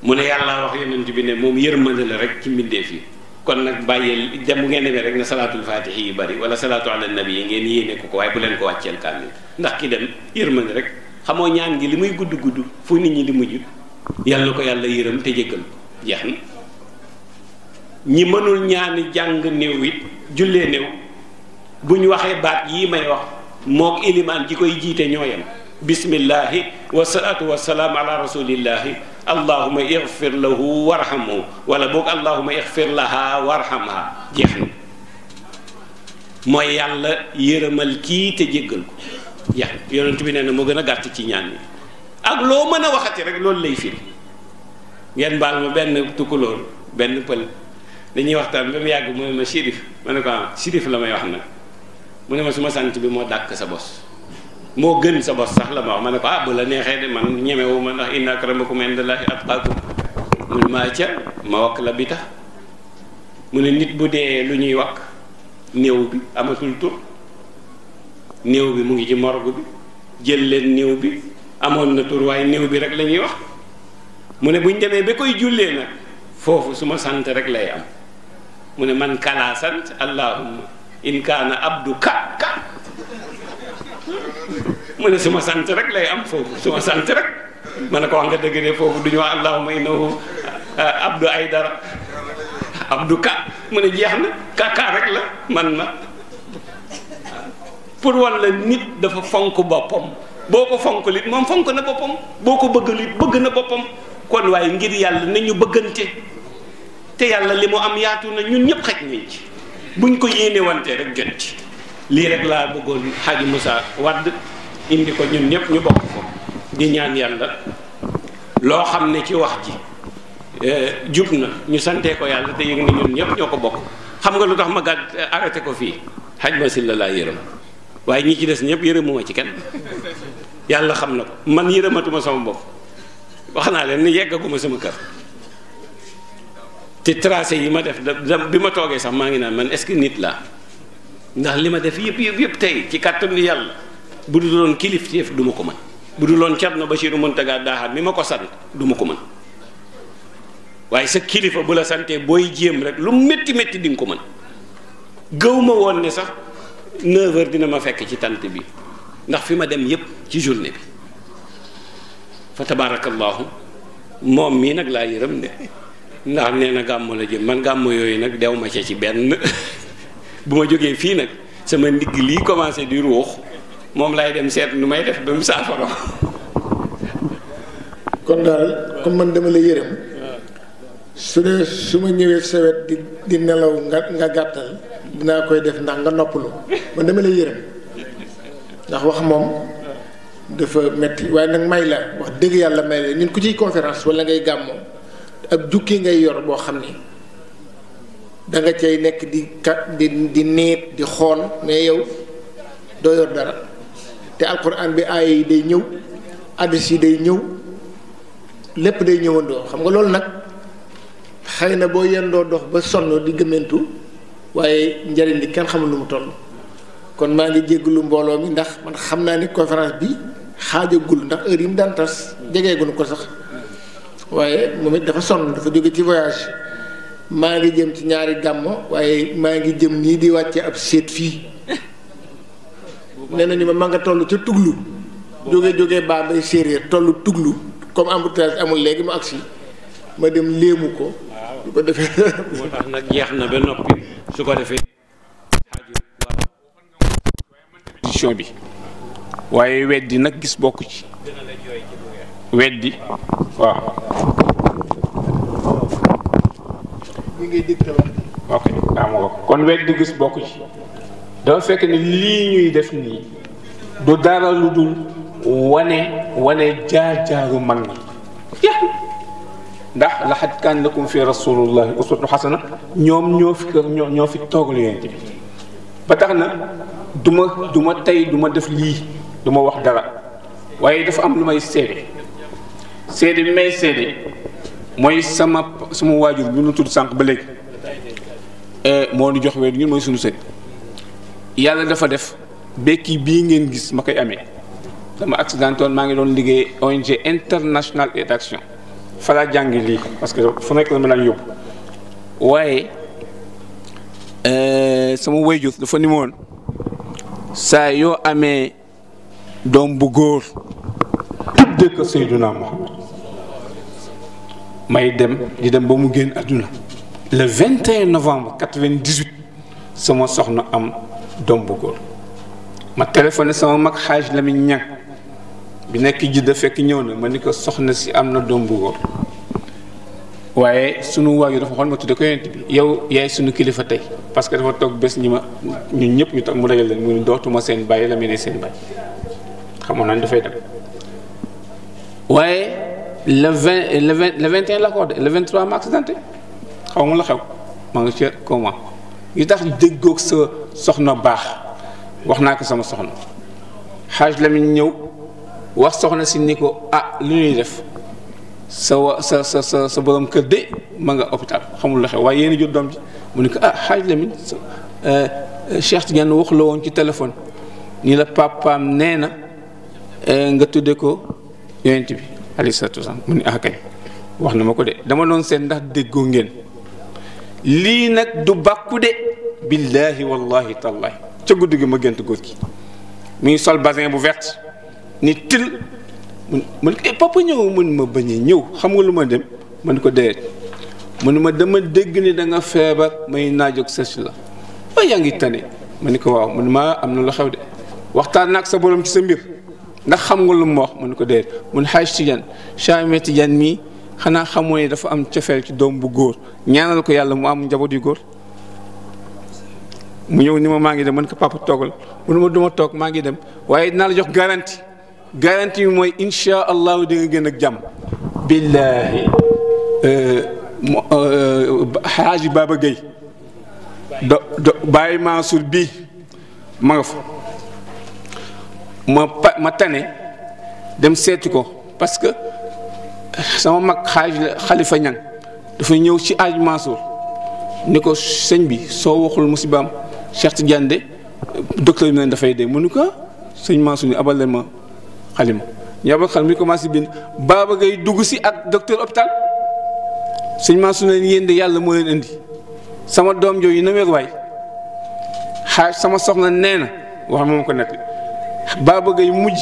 mu ne yàlla wax yonent bi ne moom yërmande la rek ci mbindeef yi kon nag bàyyee dem bu ngeen demee rek na salaatul faatihi yi bari wala salaatu ala nabi yi ngeen yéene ko ko waaye bu leen ko wàcceel kaamil ndax ki dem yërmande rek xamoo ñaan gi li muy gudd gudd fu nit ñi di mujj yàlla ko yàlla yërëm te jéggal ko jeex na ñi jàng néew jullee néew bu waxee baat yii may wax moog ilimaan ji koy jiite ñooyam bismillahi wasalaatu wasalaam ala rasulillahi allahuma ixfir lahu warhamhu wala boog jeex na mooy yàlla yërëmal kii te jéggal ko jeex na bi nee moo gën a gàtt ci ñaan ak loo mën a waxati rek loolu lay firi ngeen baal ma benn tukkulóor benn pël dañuy waxtaan ba mu yàgg mu ma sirif ma ne ko ah sirif la may wax nag mu ne ma suma sant bi moo dàq sa bos moo gën sa bos sax la ma wax ma ne ko ah bu la neexee de man ñemewu ma ndax inna akramakum indallahi atqakum mu ne maa ca ma wakk la bi tax mu ne nit bu dee lu ñuy wax néew bi amatul tur néew bi mu ngi ci morgue bi jël leen néew bi amoon na tur waaye néew bi rek lañuy wax mu ne buñ demee ba koy jullee nag foofu suma ma sant rek lay am mu ne man kala sant allahumma in kaana abdu ka ka mu ne suma sant rek lay am foofu suma sant rek ma ne ko wax nga dëgg de foofu du ñu wax allahumma innahu uh, abdu ay dara abdu ka mu ne jeex na kaka rek la man ma pour wan la nit dafa fonk boppam boo ko fonk lit moom fonk na boppam boo ko bëgg lit bëgg na boppam kon waaye ngir yàlla na ñu bëggante te yàlla li mu am yaatu na ñun ñëpp xaj nañ ci buñ ko yéene wante rek jot ci lii rek laa bëggoon xaj Moussa Wade indi ko ñun ñëpp ñu bokk ko di ñaan yàlla loo xam ne ci wax ji eh, jub na ñu santee ko yàlla te yëg na ñun ñëpp ñoo ko bokk xam nga lu tax ma gàtt arrêté ko fii xaj ma si la laa yërëm waaye ñi ci des ñëpp yërëmuma ci kenn yàlla xam na ko man yërëmatuma sama bopp wax naa leen ni yeggaguma sama kër te tracé yi ma def da bi ma toogee sax maa ngi naan man est nit laa ndax li ma def yëpp yëpp yëpp tey ci kàttanu yàlla bu du doon kilifteef du ma ko mën bu du loon Cerno Basiiru Muntaga Daaxaar mi ma ko sant duma ko mën waaye sa kilifa bu la santee booy jéem rek lu métti métti di nga ko mën gëw ma woon ne sax 9 dina ma fekk ci tant bi ndax fi ma dem yëpp ci journée bi fa tabaarakallaahu moom mii nag laa yërëm ne ndax nee na gàmmu la jëm man gàmmu yooyu nag dew ma ca ci benn bu ma jógee fii nag sama ndigg lii commencé di ruux moom laay dem seet nu may def ba mu saafara kon daal comme man dama la yërëm su su ma ñëwee sa wet di di nga nga gàttal dinaa koy def ndax nga noppalu man dama la yërëm ndax wax moom dafa metti waaye nag may la wax dëgg yàlla may la ñun ku ciy conférence wala ngay gàmmoo ab jukki ngay yor boo xam ni danga nga cay nekk di kat di di neet di xool mais yow doo yor dara te alquran bi aaya yi day ñëw addis yi day ñëw lépp day ñëwandoo xam nga loolu nag xam xëy na boo yendoo dox ba sonn di gëmmentu waaye njariñ li kenn xamul lu mu toll kon maa ngi jégglu mbooloo mi ndax man xam naa ni conférence bi xaajagul ndax heure yi mu daan tas jegeegunu ko sax waaye moom it dafa sonn dafa jóge ci voyage maa ngi jëm ci ñaari gàmm waaye maa ngi jëm nii di wàcce ab seet fii nee nañu ma ma nga toll ca tuglu jóge jóge baa bay séeréer toll tuglu comme embouteillage amul léegi mu agsi ma dem léemu ko ba ko defee moo tax nag jeex na ba noppi su ko defee waaw bi waaye weddi nag gis bokk ci weddi waaw. ok am nga kon weddi gis bokk ci dafa fekk ni lii ñuy def nii du dara lu dul wane wane jaar jaaru mag ñi ndax laxad kaan lakum fi rasulullahi uswatun xasana ñoom ñoo fi ñoo ñoo fi toogal yonent bi ba tax na du ma tey du def lii du wax dara waaye dafa am lu may seede seede bi may seede mooy sama sama waajur bi nu tudd sànq ba léegi e, moo nu jox wéeru ñun mooy suñu sët yàlla dafa def békki bii ngeen gis ma koy amee dama accidentoon maa ngi doon liggéey ONG international et d'action fa laa jàngi lii parce que fu nekk la ma daan yóbbu waaye e, sama waajur dafa ni woon saa yoo amee doom bu góor tudde ko Seydunaa Muhammad may dem di dem ba mu génn àdduna le 21 novembre 98 sama soxna am doom bu ma téléphoné sama mag xaaj Lamine Niang bi nekk jidda fekk ñëw na ma ni ko soxna si am na doom bu góor waaye sunu waajur dafa xool ma tudde bi yow yaay sunu kilifa tey parce que dafa toog bés ñi ma ñun ñëpp ñu toog mu dajal leen mu ne dootuma seen bàyyi la mu ne seen bàyyi xamoon naa dafay dem waaye le 20 le 20 le 21 la ko de le 23 mars dante xaw ma la xew ma nga ci comment yu tax déggoog sa soxna baax wax naa ko sama soxna xaaj la mi ñëw wax soxna si ni ko ah lu ñuy def sa sa sa sa sa borom kër de ma nga hôpital xamul la xew waaye yéen jur doom ji mu ne ko ah xaaj la mi euh, Cheikh Tidiane wax la woon ci téléphone ni la papaam nee na euh, nga tudde ko yonent bi alayhi salaatu wasalaam mu ne ah wax na ma ko de dama doon seen ndax déggoo ngeen lii nag du bàkku de billaahi wallaahi tallaahi ca guddi gi ma gént góor gi ngi sol basin bu vert ni til mun mun ko eh, papa ñëw mun ma bañ ñëw xam nga lu ma dem ni ko dee mun ma dama dégg ni danga feebar may naajoog sëcc la waaye yaa ngi tane ma ni ko waaw mun maa am na lu xew de waxtaan naag sa borom ci sa mbir ndax xam nga lu mu wax mu ko déet mun xaaj Tijaan Chame Tijaan mii xanaa xamoo ne dafa am cofeel ci doom bu góor ñaanal ko yàlla mu am njaboot yu góor mu ñëw ni ma maa ngi dem man ko papa toogal mu duma toog maa ngi dem waaye dinaa la jox garanti garanti bi mooy insha allahu di nga gën a jàmm billaahi xaaji euh, euh, Baba Gueye do do Baye Mansour bii ma fa ma pa ma tane dem seeti ko parce que sama mag xaaj la xalifa ñang dafa ñëw ci aaj Mansour ni ko sëñ bi soo waxul musibaam Cheikh Tidiane de docteur bi ne dafay dee mu ni ko sëñ Mansour ni abal leen ma xalima ñu abal xal mi commencé bind baaba ngay dugg si ak docteur hôpital sëñ Mansour ne yéen de yàlla moo leen indi sama doom jooju na wér waay xaaj sama soxna nee na wax moom ko nekk baaba gay mujj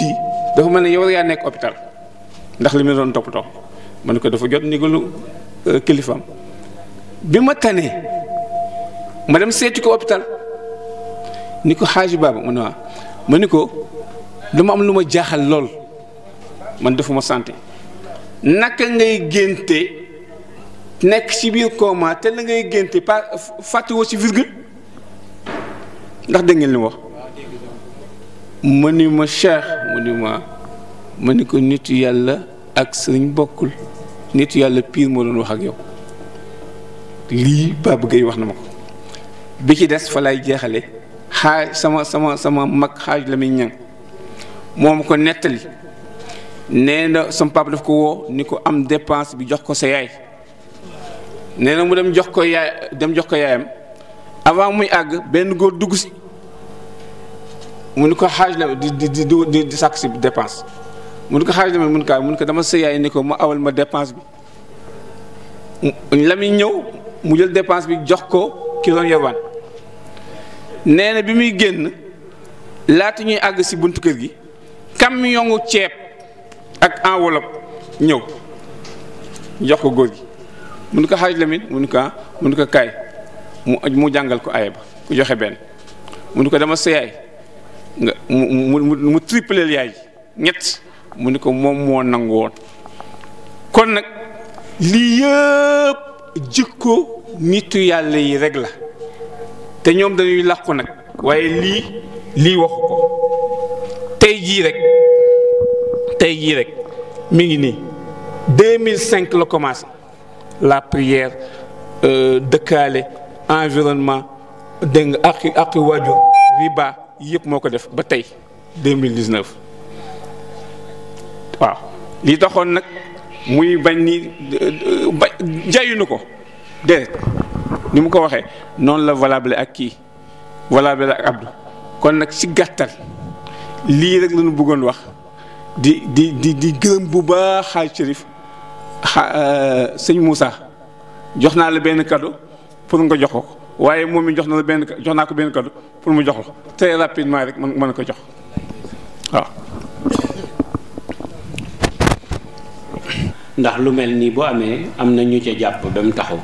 dafa mel ne yow yaa nekk hôpital ndax li mu doon toppatoo ma ne ko dafa jot ndigalu euh, kilifaam bi ma tanee ma dem seeti ko hôpital ni ko xaaji baaba mu ne waa ma ni ko dama am lu ma jaaxal lool man defuma santé naka ngay génte nekk ci biir coma te la ngay génte pa fàttiwoo ci virgule ndax dégg ngeen li wax mu ni ma cheikh mu ni ni ko nit yàlla ak sëriñ bokkul nit yàlla piir moo doon wax ak yow lii Baba Gueye wax na ma ko bi ci des fa lay jeexale xaaj sama sama sama mag xaaj la muy ñan moom ko nettali nee na sama papa daf ko woo ni ko am dépense bi jox ko sa yaay nee na mu dem jox ko yaay dem jox ko yaayam avant muy àgg benn góor dugg si mu ni ko xaaj na di di di di di dépense mu ni ko xaaj na mun kaa mun ko dama sëyaay ni ko mu awal ma dépense bi la ñëw mu jël dépense bi jox ko ki doon yobaan nee na bi muy génn laata ñuy àgg si buntu kër gi camion ceeb ak en enveloppe ñëw jox ko góor gi mu ni ko xaaj Lamin mu ni ko ah, mu ni ko kaay mu mu jàngal ko aaya ba ku joxe benn mu ni ko dama sëyaay nga mu mu mu tripleel yaay ñett mu ni ko moom moo nangu woon kon nag lii yëpp jikko nitu yàlla yi rek la te ñoom dañuy làqu nag waaye lii lii waxu ko tey jii rek tey jii rek mi ngi nii 2005 la commencé la prière euh, dëkkaale environnement dégg nga ak ak waajur riba yëpp moo ko def ba tey 2019 waaw li taxoon nag muy bañ ni ba jayuñu ko déedéet ni mu ko waxee noonu la volable ak kii valable ak Abdou kon nag ci gàttal lii rek la ñu bëggoon wax di di di di gërëm bu baax xaaj Chérif xa euh, sëñ Moussa jox naa la benn cadeau pour nga jox ko. waaye moom mi jox na la benn jox naa ko benn kàddu pour mu jox la très rapidement rek mën mën ko jox waaw. ndax lu mel nii bu amee am na ñu ca jàpp ba mu taxaw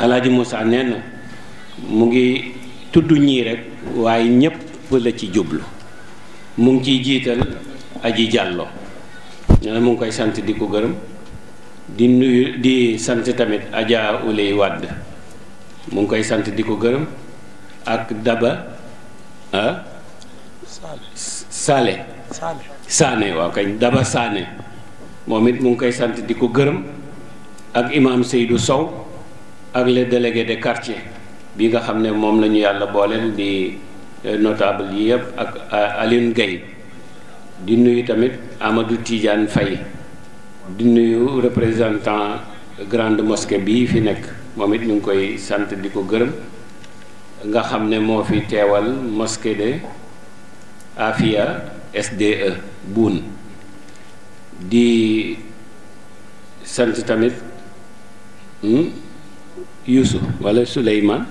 El Hadj Moussa mu ngi tudd ñii rek waaye ñépp la ci jublu mu ngi ciy jiital aji jàlloo nee na mu ngi koy sant di ko gërëm di nuyu di sant tamit Adja Ulay Wade. mu ngi koy sant di ko gërëm ak Daba ah. Saale Saale. Saane Daba Saane moom it mu ngi koy sant di ko gërëm ak imaam seydu Sow ak les délégués de quartier bi nga xam ne moom la ñu yàlla booleel di eh, notable yi yëpp ak eh, Alioune Gueye di nuyu tamit amadu Tidiane fayi di nuyu représentant grande mosquée bii fi nekk. moom it ñu ngi koy sant di ko gërëm nga xam ne moo fi teewal mosquée de Afia SDE Boune di sant tamit hmm, Yuusu walla Suleymaan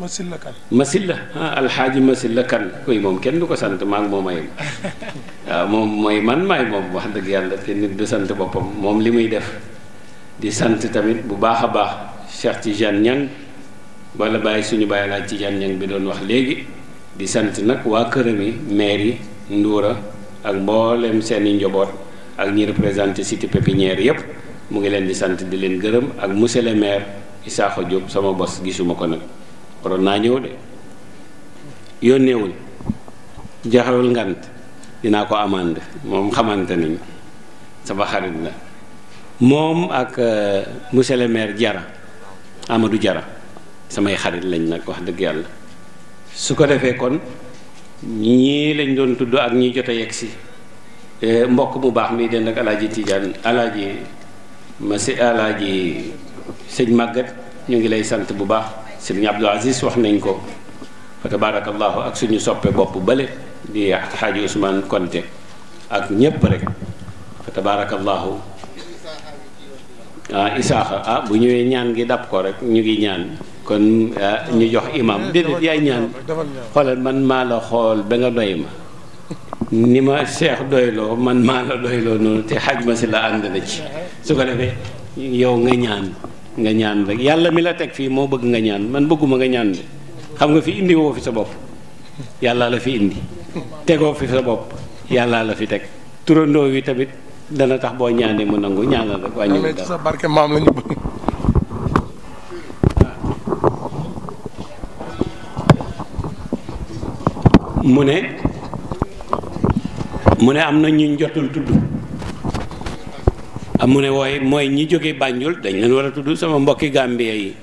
Masilla Kan Masilla ah alxaaji Masilla Kan koy moom kenn du ko sant maak ngi moom waaw moom mooy man maay moom wax dëgg yàlla te nit du sant boppam moom li muy def di sant tamit bu baax a baax ci Tidiane ñan wala bàyyi suñu bàyyi laaj Tidiane Niang bi doon wax léegi di sant nag waa këram yi maire yi nduura ak mboolem seeni njaboot ak ñi représenté cité pépinière yépp mu ngi leen di sant di leen gërëm ak monsieur le maire Issakha Diop sama bos gisuma ko nag waroon naa ñëw de yónneewul joxewul ngant dinaa ko amande moom xamante nañ sama xarit la moom ak euh, monsieur le maire Diarra Amadou Jara samay xarit lañ nag wax dëgg yàlla su ko defee kon ñii lañ doon tudd ak ñi jot a yegg si eh, mbokk bu baax mi dend ak alaaji Tidiane alaaji Massi alaaji sëñ màggat ñu ngi lay sant bu baax sëñ Abdou Aziz wax nañ ko fa tabarakallahu ak suñu soppee bopp bale di xaaji Ousmane Konte ak ñépp rek fa tabarakallahu waaw ah, Isaaxa ah bu ñëwee ñaan gi dab ko rek ñu ngi ñaan kon ah, ñu jox imam eh, déedéet yaay ñaan xoolal man maa la xool ba nga doy ma ni ma seex doyloo man maa la doyloo noonu te xaj ma si la ànd la ci su ko defee yow nga ñaan nga ñaan rek yàlla mi la teg fii moo bëgg nga ñaan man bëgguma nga ñaan de xam nga fi indi woo fi sa bopp yàllaa la fi indi tegoo fi sa bopp yàlla la fi teg turandoo wi tamit dana tax boo ñaanee mu nangu ñaanal rek wàññi sa barke maam lañu mu ne mu ne am na ñu jotul tudd am mu ne wooy mooy ñi jóge Banjul dañ leen war a tudd sama mbokki Gambie yi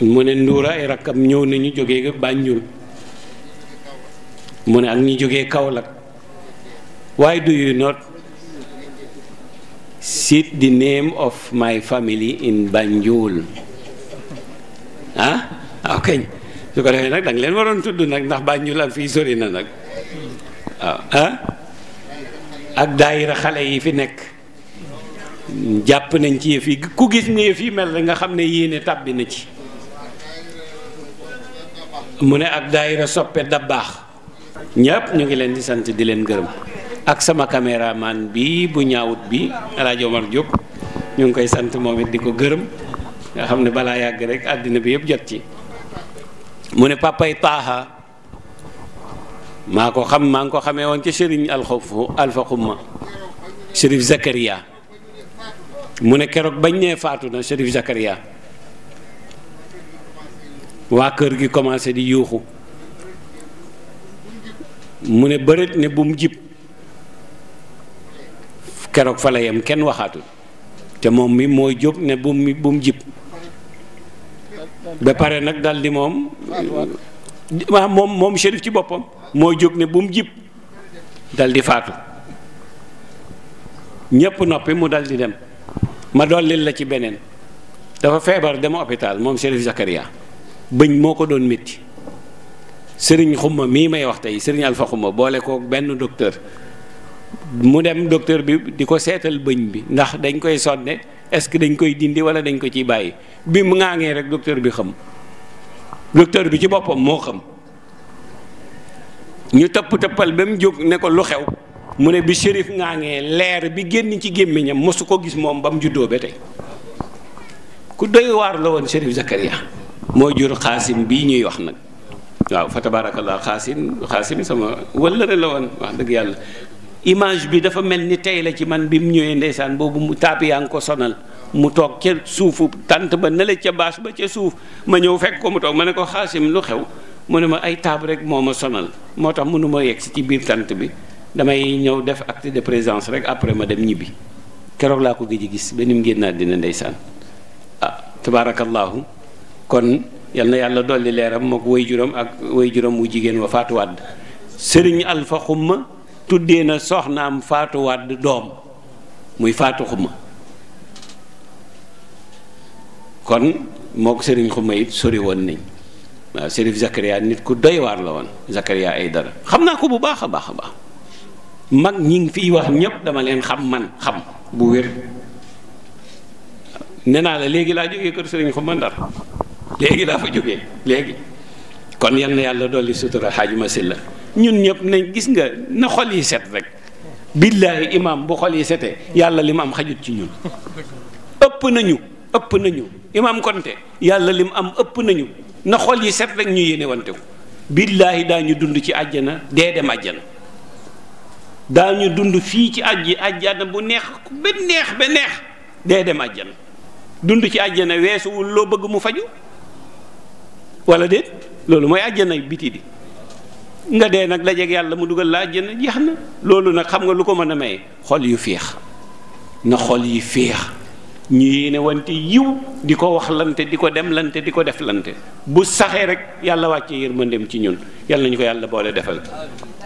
mu ne nduura ay rakkam ñëw nañu jógee Banjul mu ne ak jóge jógee Kaolack Why do you not sit the name of my family in Banjul? ah, ah ok su ko defee nag danga leen waroon tudd nag ndax Banjul ak fii sori na nag waaw ah, ah ak daayira xale yi fi nekk jàpp nañ ci yëf yi ku gis ni yëf yi mel rek nga xam ne yéene tàbbi na ci mu ne ak daayira soppe da baax ñëpp ñu ngi leen di sant di leen gërëm ak sama caméraman bi bu ñaawut bi rajo Omar Diop ñu ngi koy sant moom it di ko gërëm nga xam ne balaa yàgg rek àddina bi yëpp jot ci mu ne papay taaha maa ko xam maa ngi ko xamee woon ca sëriñ alxofu alfa mu ne keroog bañ nee faatu na sërif Zakaria waa kër gi commencé di yuuxu mu ne bërit ne bu jib keroog fa la yem kenn waxaatul te moom mi mooy jóg ne bu mu bu mu jib ba pare nag daldi moom waaw moom moom ci boppam mooy jóg ne bu mu jib dal faatu ñépp noppi mu daldi dem ma dollil la ci beneen dafa feebar dem hôpital moom shérif Zakaria bëñ moo ko doon metti sëriñ xumma mii may wax tey sëriñ Alfa xumma boole kook benn docteur mu dem docteur bi di ko seetal bëñ bi ndax dañ koy sonde est-ce que dañ koy dindi wala dañ ko ci bàyyi bii mu ŋaangee rek docteur bi xam docteur bi ci boppam moo xam ñu tëpp tëppal ba jóg ne ko lu mu ne bi shérif ŋaangee leer bi génn ci gémmiñam mosu ko gis moom ba mu ba tey ku doy la woon shérif Zakaria jur xaasim bii ñuy wax nag waaw fa tabaarakallaa xaasim xaasim sama wëllëre la woon wax dëgg yàlla image bi dafa mel ni tey la ci man bi mu ñëwee ndeysaan boobu mu taab yaa ngi ko sonal mu toog ca suufu tant ba ne la ca baas ba ca suuf ma ñëw fekk ko mu toog ma ne ko xaasim lu xew mu ne ma ay taab rek moo ma sonal moo tax mënu yegg si ci biir tant bi damay ñëw def acte de présence rek après ma dem ñibbi keroog laa ko gëj gis ba ni mu génnaat dina ndeysaan ah tabaarakallaahu kon yal na yàlla dolli leeram mook woy juróom ak woy juróom wu jigéen wa faatuwaat tuddee na soxnaam faatu wàdd doom muy faatu xuma kon mook sëriñ xuma it sori woon nañ waaw sërif Zakaria nit ku doy waar la woon Zakaria ay dara xam naa ko bu baax a baax a baax mag ñi ngi fiy wax ñépp dama leen xam man xam bu wér nee naa la léegi laa jógee kër sëriñ xuma ndar léegi laa fa jógee léegi kon yal na yàlla dolli sutura xaaju ma la ñun ñëpp nañ gis nga na xol yi set rek billaahi imaam bu xol yi setee yàlla li mu am xajut ci ñun ëpp nañu ëpp nañu imaam konte yàlla li mu am ëpp nañu na xol yi set rek ñu yéene wante ko billaahi daañu dund ci àjjana dee dem àjjana ñu dund fii ci àjji àjjana bu neex ba neex neex dee dem àjjana dund ci àjjana weesuwul loo bëgg mu faju wala déet loolu mooy àjjana biti di nga dee nag dajeeg yàlla mu dugal laa jën jeex na loolu nag xam nga lu ko mën a may xol yu féex na xol yi féex ñu yéene wante yiw di ko wax lante di ko dem lante di ko def lante bu saxee rek yàlla wàcce yërmandeem ci ñun yàlla nañu ko yàlla boole defal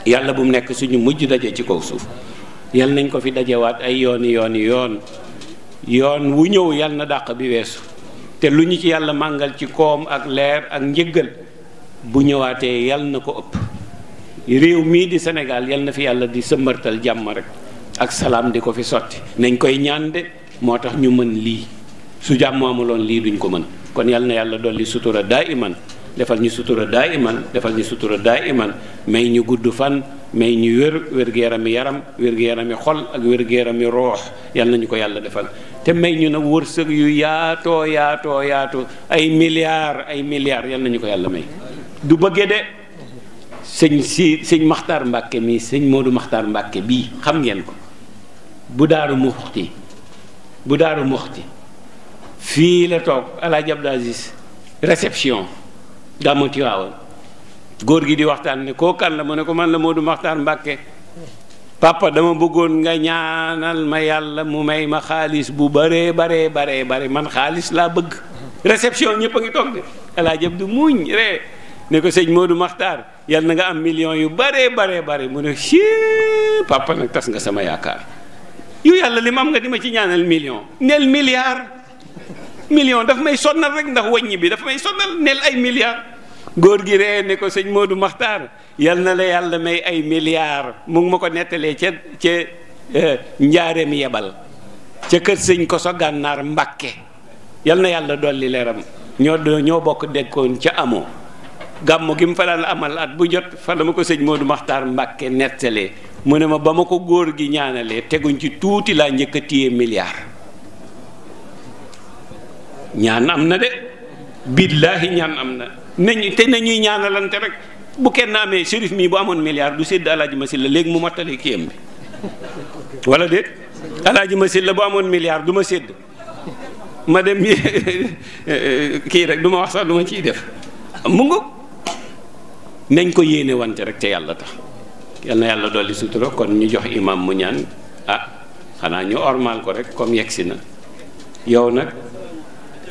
yàlla bu mu nekk suñu mujj daje ci kaw suuf yàlla nañ ko fi dajewaat ay yooni yooni yoon yoon wu ñëw yàlla na dàq bi weesu te lu ñu ci yàlla màngal ci koom ak leer ak njëggal bu ñëwaatee yàlla na ko ëpp réew mii di Sénégal yal na fi yàlla di sëmbartal jàmm rek ak salaam di ko fi sotti nañ koy ñaan de moo tax ñu mën lii su jàmm amuloon lii duñ ko mën kon yal na yàlla dolli sutura daa man defal ñu sutura daa iman defal ñu sutura daa iman may ñu gudd fan may ñu wér wér gu yaram yaram wér gu yaram xol ak wér gu yaram roox yal na ñu ko yàlla defal te may ñu nag wërsëg yu yaatoo yaatoo yaatu ay milliards ay milliards yal na ñu ko yàlla may du bëggee de. sëñ si sëñ maxtar Mbàkke mii sëñ Moodu Maxtaar Mbàkke bii xam ngeen ko bu daaru muxti bu daaru muxti fii la toog Alaaji da Aziz réception gàmmu Tiwaawan góor gi di waxtaan ne koo kan la mu ne ko man la Moodu Maxtaar Mbàkke papa dama bëggoon nga ñaanal ma yàlla mu may ma xaalis bu baree baree baree bare man xaalis laa bëgg réception ñëpp ngi toog de Alaaji muñ ree ne ko sëñ du Maxtaar yal na nga am million yu baree baree bare mu ne si papa nag tas nga sama yaakaar yu yàlla li ma am nga di ma ci ñaanal million nel milliard million daf may sonnal rek ndax wàññi bi dafa may sonnal nel ay milliard góor gi ree ne ko sëñ Modou Maxtaar yal na la yàlla may ay milliard mu ma ko nettalee ca ca eh, njaareem yebal ca kër sëñ Koso Gànnaar mbakke yal na yàlla dolli leeram ñoo ñoo bokk dekkoon ca amoo gàmmu gi mu fa daan amal at bu jot fa ma ko moo du Maxtaar Mbàkke nettalee mu ne ma ba ma ko góor gi ñaanalee teguñ ci tuuti laa njëkk a téye milliard ñaan am na de billaahi ñaan am na nañu te ñuy ñaanalante rek bu kenn amee shérif mii bu amoon milliard du sédd alaaji ma si la léegi mu mottali kiyam bi wala déet alaaji ma la bu amoon milliard du ma sédd ma dem kii rek du ma wax sax ma ciy def mu ngu nañ ko yéene wante rek te yàlla tax yal na yàlla dolli sutura kon ñu jox imam mu ñaan ah xanaa ñu ormal ko rek comme yegsi na yow nag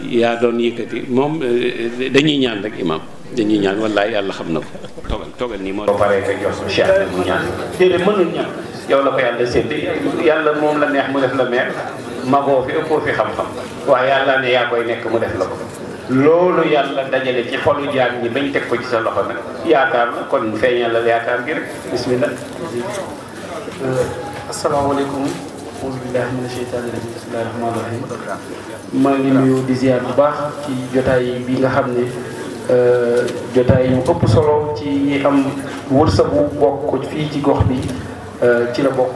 yaa doon yëkkati moom eh, eh, dañuy ñaan rek imam dañuy ñaan wallaay yàlla xam na ko togal togal nii moo. ba pare nga jox ko mu ñaan yàlla sédd yàlla moom la neex mu def la meer magoo fi ëppoo xam-xam waaye yàlla ne yaa koy nekk mu def la ko. loolu yàlla dajale ci xolu jaam ñi bañ teg ko ci sa loxo nag yaakaar la kon feeñalal yaakaar gi rek bismillah euh, asalaamaaleykum aousubillahi mina sheytaani rajim bismillahi rahmaani maa ngi nuyu di bu baax ci jotaay bi nga xam ne euh, jotaay yu ëpp solo ci ñi am wërsëgu bokk fii ci gox bi euh, ci la bokk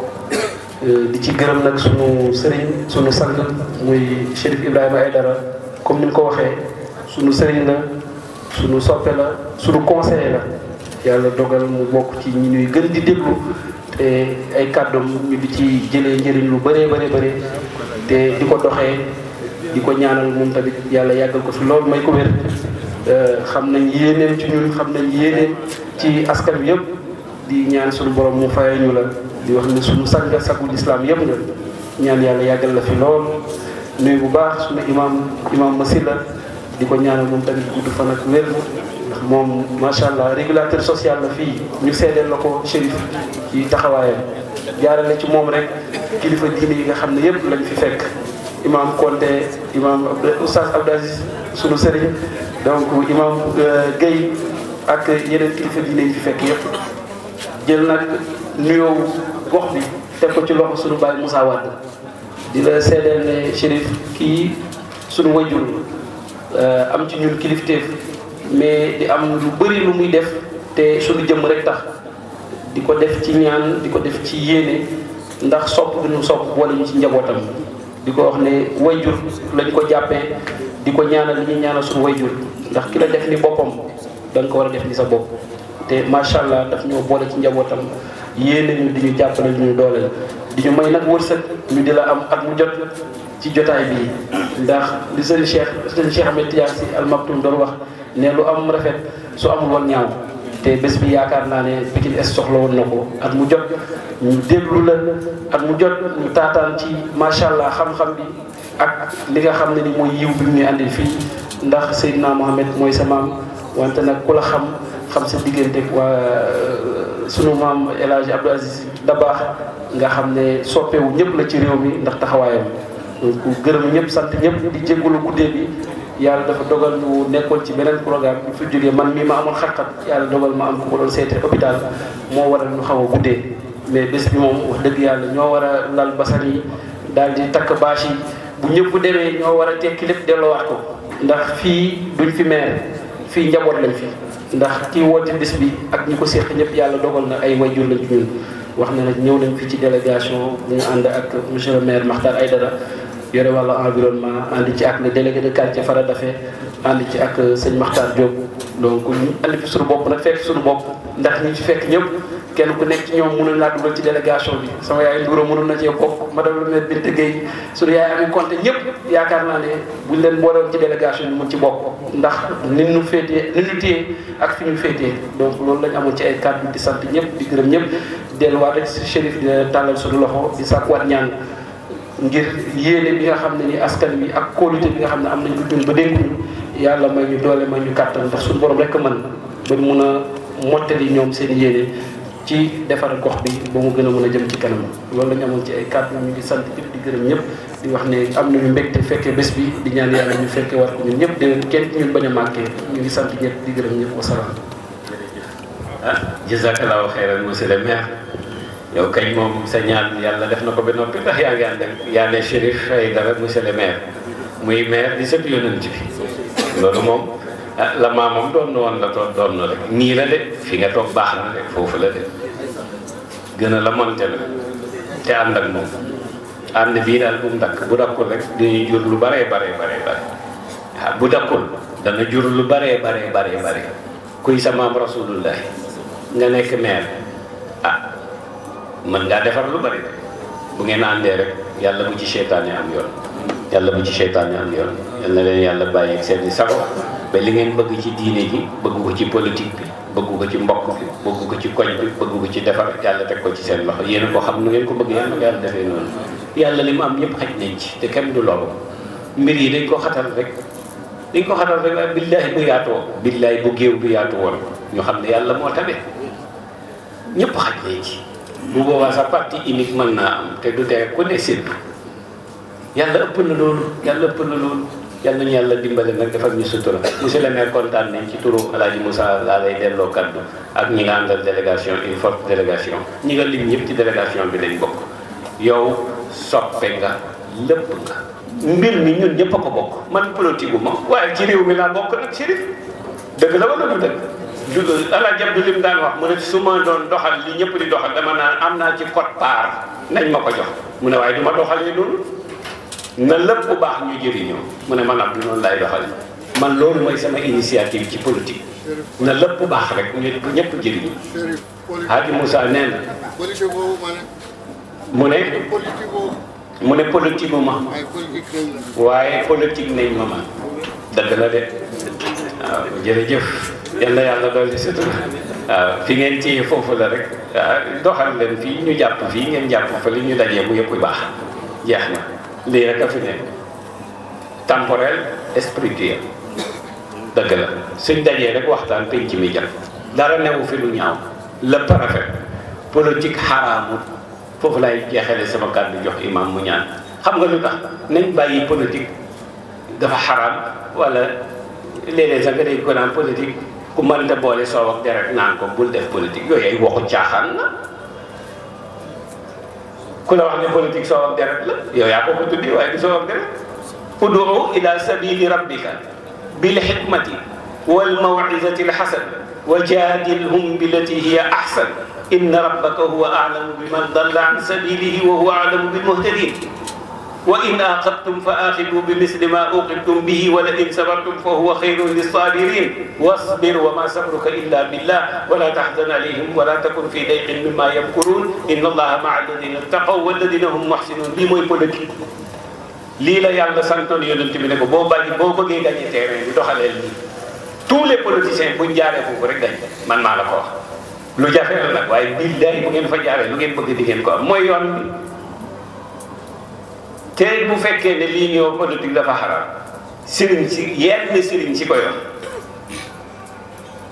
di ci gërëm nag sunu sëriñ sunu sang muy Chérif Ibrahima Aïdara comme ni mu ko waxee sunu sëriñ la sunu soppe la sunu conseiller la yàlla dogal mu bokk ci ñi ñuy gën di déglu te ay kàddoom ñu di ci jëlee njëriñ lu bëree bëri bëri te di ko doxee di ko ñaanal moom tamit yàlla yàggal ko fi loolu may ko wér euh, xam nañ yéeneem ci ñun xam nañ yéeneem ci askan bi yëpp di ñaan suñu borom mu fayee ñu la di wax ne suñu sang nga sagul islam yëpp nga ñaan yàlla yàggal la fi lool nuyu bu baax suñu imam imam masila di ko ñaanal moom tamit gudd fan ak wér ndax moom macha allah régulateur social la fii ñu seedeel la ko Chérif ci taxawaayam jaarale ci moom rek kilifa diine yi nga xam ne yëpp lañu fi fekk imam Konte imam oustaz Abdou Aziz sunu sëriñ donc imam euh, Guèye ak yeneen kilifa diine yi fi fekk yëpp jël nag nuyoo gox bi teg ko ci loxo sunu baay Moussa Wade di la seedeel kii sunu wajur Euh, am ci ñun kilifteef mais di am lu bëri lu muy def te suñu jëmm rek tax di ko def ci ñaan di ko def ci yéene ndax sopp bi ñu sopp wala ñu ci njabootam di ko wax ne wayjur lañ ko jàppee di ko ñaanal li ñuy ñaanal suñu wayjur ndax ki la def ni boppam da nga ko war a def ni sa bopp te macha allah daf ñoo boole ci njabootam yéene ñu di ñu jàppale ñu dooleel. di ñu may nag wërsëg ñu di la am at mu jot ci jotaay bi ndax li sëriñ Cheikh sëriñ Cheikh Ahmed Tidiane Sy Al doon wax ne lu am rafet su amul woon ñaaw te bés bi yaakaar naa ne Pikine Est soxla woon na ko at mu jot ñu déglu la at mu jot ñu taataan ci macha allah xam-xam bi ak li nga xam ne ni mooy yiw bi mu ñuy andil fii ndax Seydina Mohamed mooy sa maam wante nag ku la xam. xam sa diggante waa euh, sunu maam El Hadj Abdou Aziz Dabaax nga xam ne soppeewu ñëpp la ci réew mi ndax taxawaayam donc gërëm ñëpp sant ñëpp di jégalu guddee bi yàlla dafa dogal ñu nekkoon ci beneen programme bi fi jógee man mii ma amoon xat-xat yàlla dogal ma am ku ma doon seete hôpital moo waral ñu xaw a guddee mais bés bi moom wax dëgg yàlla ñoo war a lal basan yi daal di takk bâche yi bu ñëpp demee ñoo war a tekki lépp delloowaat ko ndax fii duñ fi meer fii njaboot lañ fi ndax kii woote bis bi ak ñi ko seq ñëpp yàlla dogal na ay wayjur la ñun wax na nag ñëw nañ fi ci délégation bu ñu ànd ak monsieur le maire ay dara yore wàllu environnement ànd ci ak le délégué de quartier Fara Dafe ànd ci ak sëñ Makhtar Diop donc ñu ànd fi suñu bopp nag fekk suñu bopp ndax ñi ci fekk ñëpp kenn ku nekk ci ñoom mënuñ laa dugal ci délégation bi sama yaay Ndoura mënoon na cee bokk madame le maire Binta Gueye suñu yaay ñëpp yaakaar naa ne buñ leen mboolewoon ci délégation bi mun ci bokk ndax ni ñu féetee ni ak fi ñu féetee donc loolu lañ amoon ci ay kàddu di sant di gërëm ñëpp delluwaat rek chérif di suñu loxo di sàkkuwaat ñaan ngir yéene bi nga xam ne ni askan wi ak kóolute bi nga xam ne am nañ ko ñun ba dénk ñu yàlla may ñu doole may ñu kàttan ndax suñu borom rek mën ba mun a mottali ñoom seen yéene ci defar gox bi ba mu gën a mën a jëm ci kanam loolu la ñu amoon ci ay kàddu ñu ngi sant ñëpp di gërëm ñëpp di wax ne am nañu mbégte fekkee bés bi di ñaan yàlla ñu fekkee war ko ñun ñëpp déwén kenn ñun bañ a màggee ñu ngi sant ñëpp di gërëm ñëpp wasalaam. ah jazakallahu xayran monsieur le maire yow kañ moom sa ñaan yàlla def na ko ba noppi ndax yaa ngi ànd ak yaa ne Chérif Aïdara monsieur le maire muy maire di sëb yonent bi loolu moom. Ah, la maa moom doon na woon la doon na rek nii la de fi nga toog baax na rek foofu la de gën a la monte na te ànd ak moom ànd bii daal bu mu dakk bu dakkul rek dañuy jur lu baree baree baree bare ah, bu dakkul dana lu baree baree baree bare kuy sa maam rasulullah nga nekk meer ah mën ngaa defar lu bari bu ngeen àndee rek yàlla bu ci seytaane am yoon yàlla bu ci seytaane am yoon yal na leen yàlla bàyyi ak seen i ba li ngeen bëgg ci diine ji bëgg ko ci politique bi bëgg ko ci mbokk bi bëgg ko ci koñ bi bëgg ko ci defar yàlla teg ko ci seen loxo yéen ko xam nu ngeen ko bëgg yéen ko yàlla defee noonu yàlla li mu am ñëpp xaj nañ te kenn du loolu mbir yi dañ ko xatal rek dañ ko xatal rek waaye billahi bu yaatoo billahi bu géew bu yaatu woon ñoo xam ne yàlla moo tabe ñëpp xaj nañ ci bu boobaa sa parti unique mën naa am te du tee ku ne si yàlla yal nañu yàlla dimbali nag defal ñu sutura monsieur le maire kontaan nañ ci turu El Hadj Moussa laa lay delloo kaddu ak ñi nga àndal délégation une forte délégation ñi nga lim ñëpp ci délégation bi lañ bokk yow soppe nga lépp nga mbir mi ñëpp a ko bokk man politique gu ma waaye ci mi laa bokk nag Chérif dëgg la wala du dëgg du ala du lim daan wax mu ne su ma doon doxal li ñëpp di doxal dama naan am naa ci code part nañ ma ko jox mu ne waaye du ma doxalee noonu na lépp bu baax ñu jëriñoo mu ne man ab noonu laay doxal man loolu mooy sama initiative ci politique na lépp bu baax rek ñu ñëpp jëriñu Hadj Moussa nee na mu ne mu ne politique ma ma waaye politique nañ ma ma dëgg la de waaw jërëjëf yàlla yàlla dool di sutura waaw fi ngeen ci foofu la rek doxal leen fii ñu jàpp fii ngeen jàpp fa li ñu dajee mu yëpp baax jeex na lii rek a fi nekk temporel spirituel dëgg la suñ dajee rek waxtaan penc mi jël dara newu fi lu ñaaw la rafet politique xaraamut foofu lay jeexale sama kàddu jox imam mu ñaan xam nga lu tax nañ bàyyi politique dafa xaraam walla léeg sa sax nga dégg ko naan politique ku mënta boole soow ak deret naan ko bul def politique yooyu ay waxu caaxaan la ku la wax ne politique soo ak deret la yow yaa ko ko tuddi waaye du soo ak deret ud'u ila sabili rabbika bil hikmati wal maw'izati al hasana wa jadilhum billati hiya ahsan inna rabbaka huwa a'lamu biman dalla an sabilihi wa huwa a'lamu bil muhtadin wa in aqabtum fa aqibu bi misli ma uqibtum bihi wa la in sabartum fa huwa xayrun lissabirin wasbir wa ma sabruka illa billah wala tahzan alayhim wala takun fi dayqin mimma yamkurun inna allaha maa alladina taqaw walladina hum muxsinun lii mooy politique lii la yàlla santoon yonent bi ne ko boo bàyyi boo bëggee gagné terrain bi doxaleel nii tous les politiciens buñ jaaree foofu rek dañ man maa la ko wax lu jafe la nag waaye billahi bu ngeen fa jaaree lu ngeen bëgg di ngeen ko am mooy yoon te bu fekkee ne lii ñoo wax di dafa xaraam sëriñ si yenn sëriñ si ko yor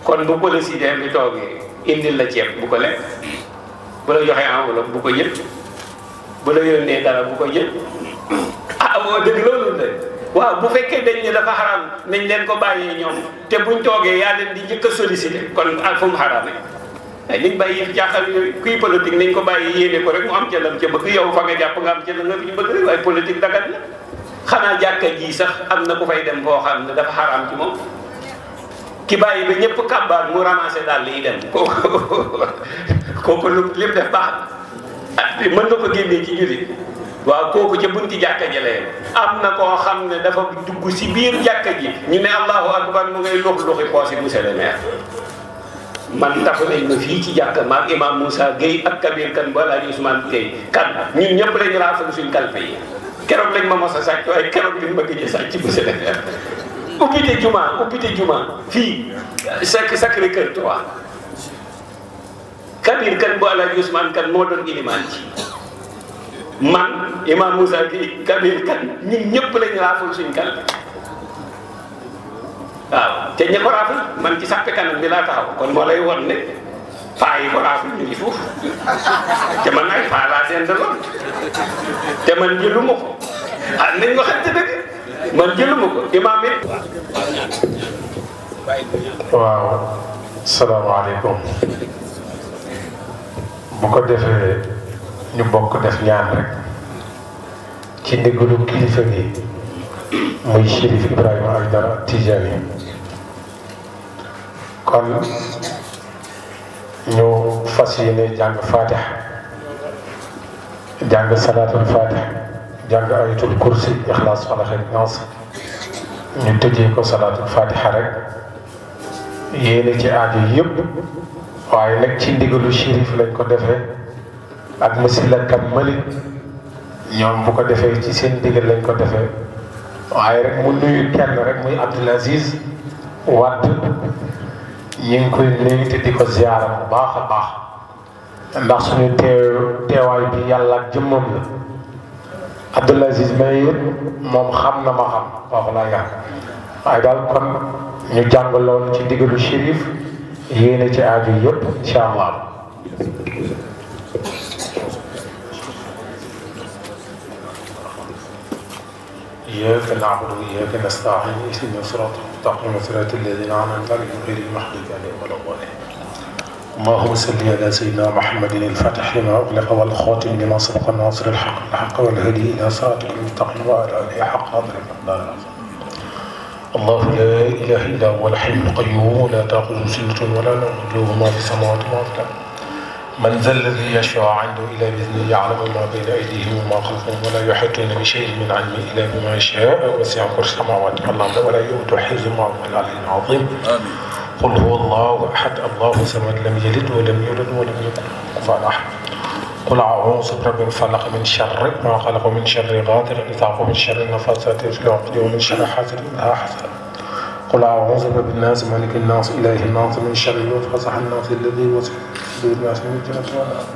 kon bu politicien bi toogee indil la ceeb bu ko lekk bu la joxee enveloppe bu ko jël bu la yónnee dara bu ko jël ah moo dëgg loolu de waaw bu fekkee dañ ne dafa xaraam nañ leen ko bàyyee ñoom te buñ toogee yaa leen di njëkk a sollicité kon ak fu nañ eh, bàyyi yéen jaaxal yooyu kuy politique nañ ko bàyyi yéene ko rek mu am ca lam ca bëgg fa nga jàpp nga am ca la nga fi ñu bëgg rek waaye politique jàkka ji sax am na ku fay dem koo xam ne dafa xaraam ci moom ki bàyyi ba ñëpp kàmbaar mu ramassé daal yi dem kooku kooku lu lim def baax ah, mën na ko génnee ci jullit waaw kooku ca bunti jàkka ji lay am na koo xam ne dafa dugg si biir jàkka ji ñu ne allahu akbar mu ngay lux luxi poosi monsieur le maire man taxu nañ ma fii ci jàkka maag imam Moussa Gueye ak Kabir Kane ba Alaaji Ousmane Gueye kan ñun ñëpp lañ raafal suñ kalpe yi keroog ma mos a sàcc waaye keroog lañ ma gëj a sàcc bu Sénégal ubbite juma ubbite juma fii sac Sacré Cœur 3 Kabir Kane ba Alaaji Ousmane Kane moo doon ilimaan ci man imam Moussa Gueye Kabir Kane ñun ñëpp lañ raafal suñ kalpe te ña ko raafal man ci sàppe kanam bi laa taxaw kon moo lay won ne faa yi ko raafal ñu ngi te man nag faa laa seen daloon te man jëlu ma ko ah nañ ma xamante dëgg man jëlu ma ko imaam it. waaw salaamaaleykum bu ko defee ñu bokk def ñaan rek ci ndigalu kilifa gi muy Chérif Ibrahima Aïdara Tijani kon ñu fas yéene jàng fatiha jàng salaatul fatiha jàng ayatul kursi ixlaas falax ak naas ñu tëjee ko salaatul fatiha rek yéene ci aaju yëpp waaye nag ci ndigalu shérif lañ ko defee ak masila kam malik ñoom bu ko defee ci seen ndigal lañ ko defee waaye rek mu nuyu kenn rek muy Abdul Aziz Wade ñu ngi koy nuyu te di ko ziyaara bu baax a baax ndax suñu teew teewaay bi yàlla ak jëmmam la Aziz may moom xam na ma xam waxu laa yàgg waaye daal kon ñu jàngaloon ci diggalu shérif yéene ci aaju yépp incha allah iyyaka na'budu wa iyyaka nasta'in ihdina siraatal استقم صراط الذين أنعمت عليهم غير المغضوب عليهم ولا الضالين اللهم صل على سيدنا محمد الفاتح لما أغلق والخاتم لما سبق ناصر الحق الحق والهدي إلى صراطك المستقيم وعلى آله حق قدر المقدار الله لا إله إلا هو الحي القيوم لا تأخذه سنة ولا نوم له ما في السماوات وما في الأرض man dha alladi yashfau indahu illa bi idnihi ya'lamu ma bayna aydihim wa ma xalfahum wa la yuhituna bi shay'in min ilmihi illa bima sha'a wasi'a kursiyuhu samawati wal ardi wa la ya'uduhu hifzuhuma wa huwa al-'aliyyul 'azim qul huwa allahu ahad allahu samad lam yalid wa lam yulad wa lam yakun lahu kufuwan ahad qul a'uuzu bi rabbil falaq min sharri ma xalaq wa min sharri gaasiqin idha waqab min sharri nafaasaati fil 'uqad wa min sharri haasidin idha hasad qul a'uuzu bi rabbin naas maliki naas ilaahi naas min sharri waswaasi naas allazii yuwaswisu fii suduuri naas min al-jinni wan naas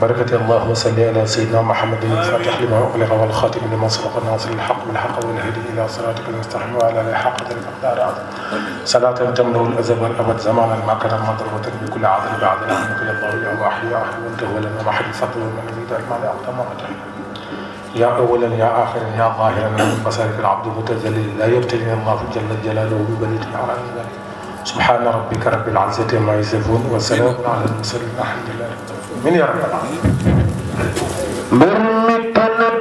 barakati allahumma salli ala sayyidina muhammadin al-faatixi limaa ughliqa wal xaatimi limaa sabaqa naasiril haqqi bil haqqi wal haadii ilaa siraatikal mustaqiim wa alaa aalihi haqqa qadrihi wa miqdaarihi al-aziim salaatan tamla'ul azala wal abad zamanan maa kaana madrabatan bi kulli 'adlin ba'da al-'ilmi yaa Allaahu yaa Hayyu yaa Hayyu anta huwa lanaa mahal al-fadl wal-mann yaa awalan yaa axiran yaa zaahiran min masaalikal abdi mutazallil laa yabtali allahu jalla jalaaluhu bi balidin xaraamin zaalika subhaana rabbika rabbil izzati ammaa yasifuun wa salaamun alal mursaliin walhamdulillaahi rabbil aalamiin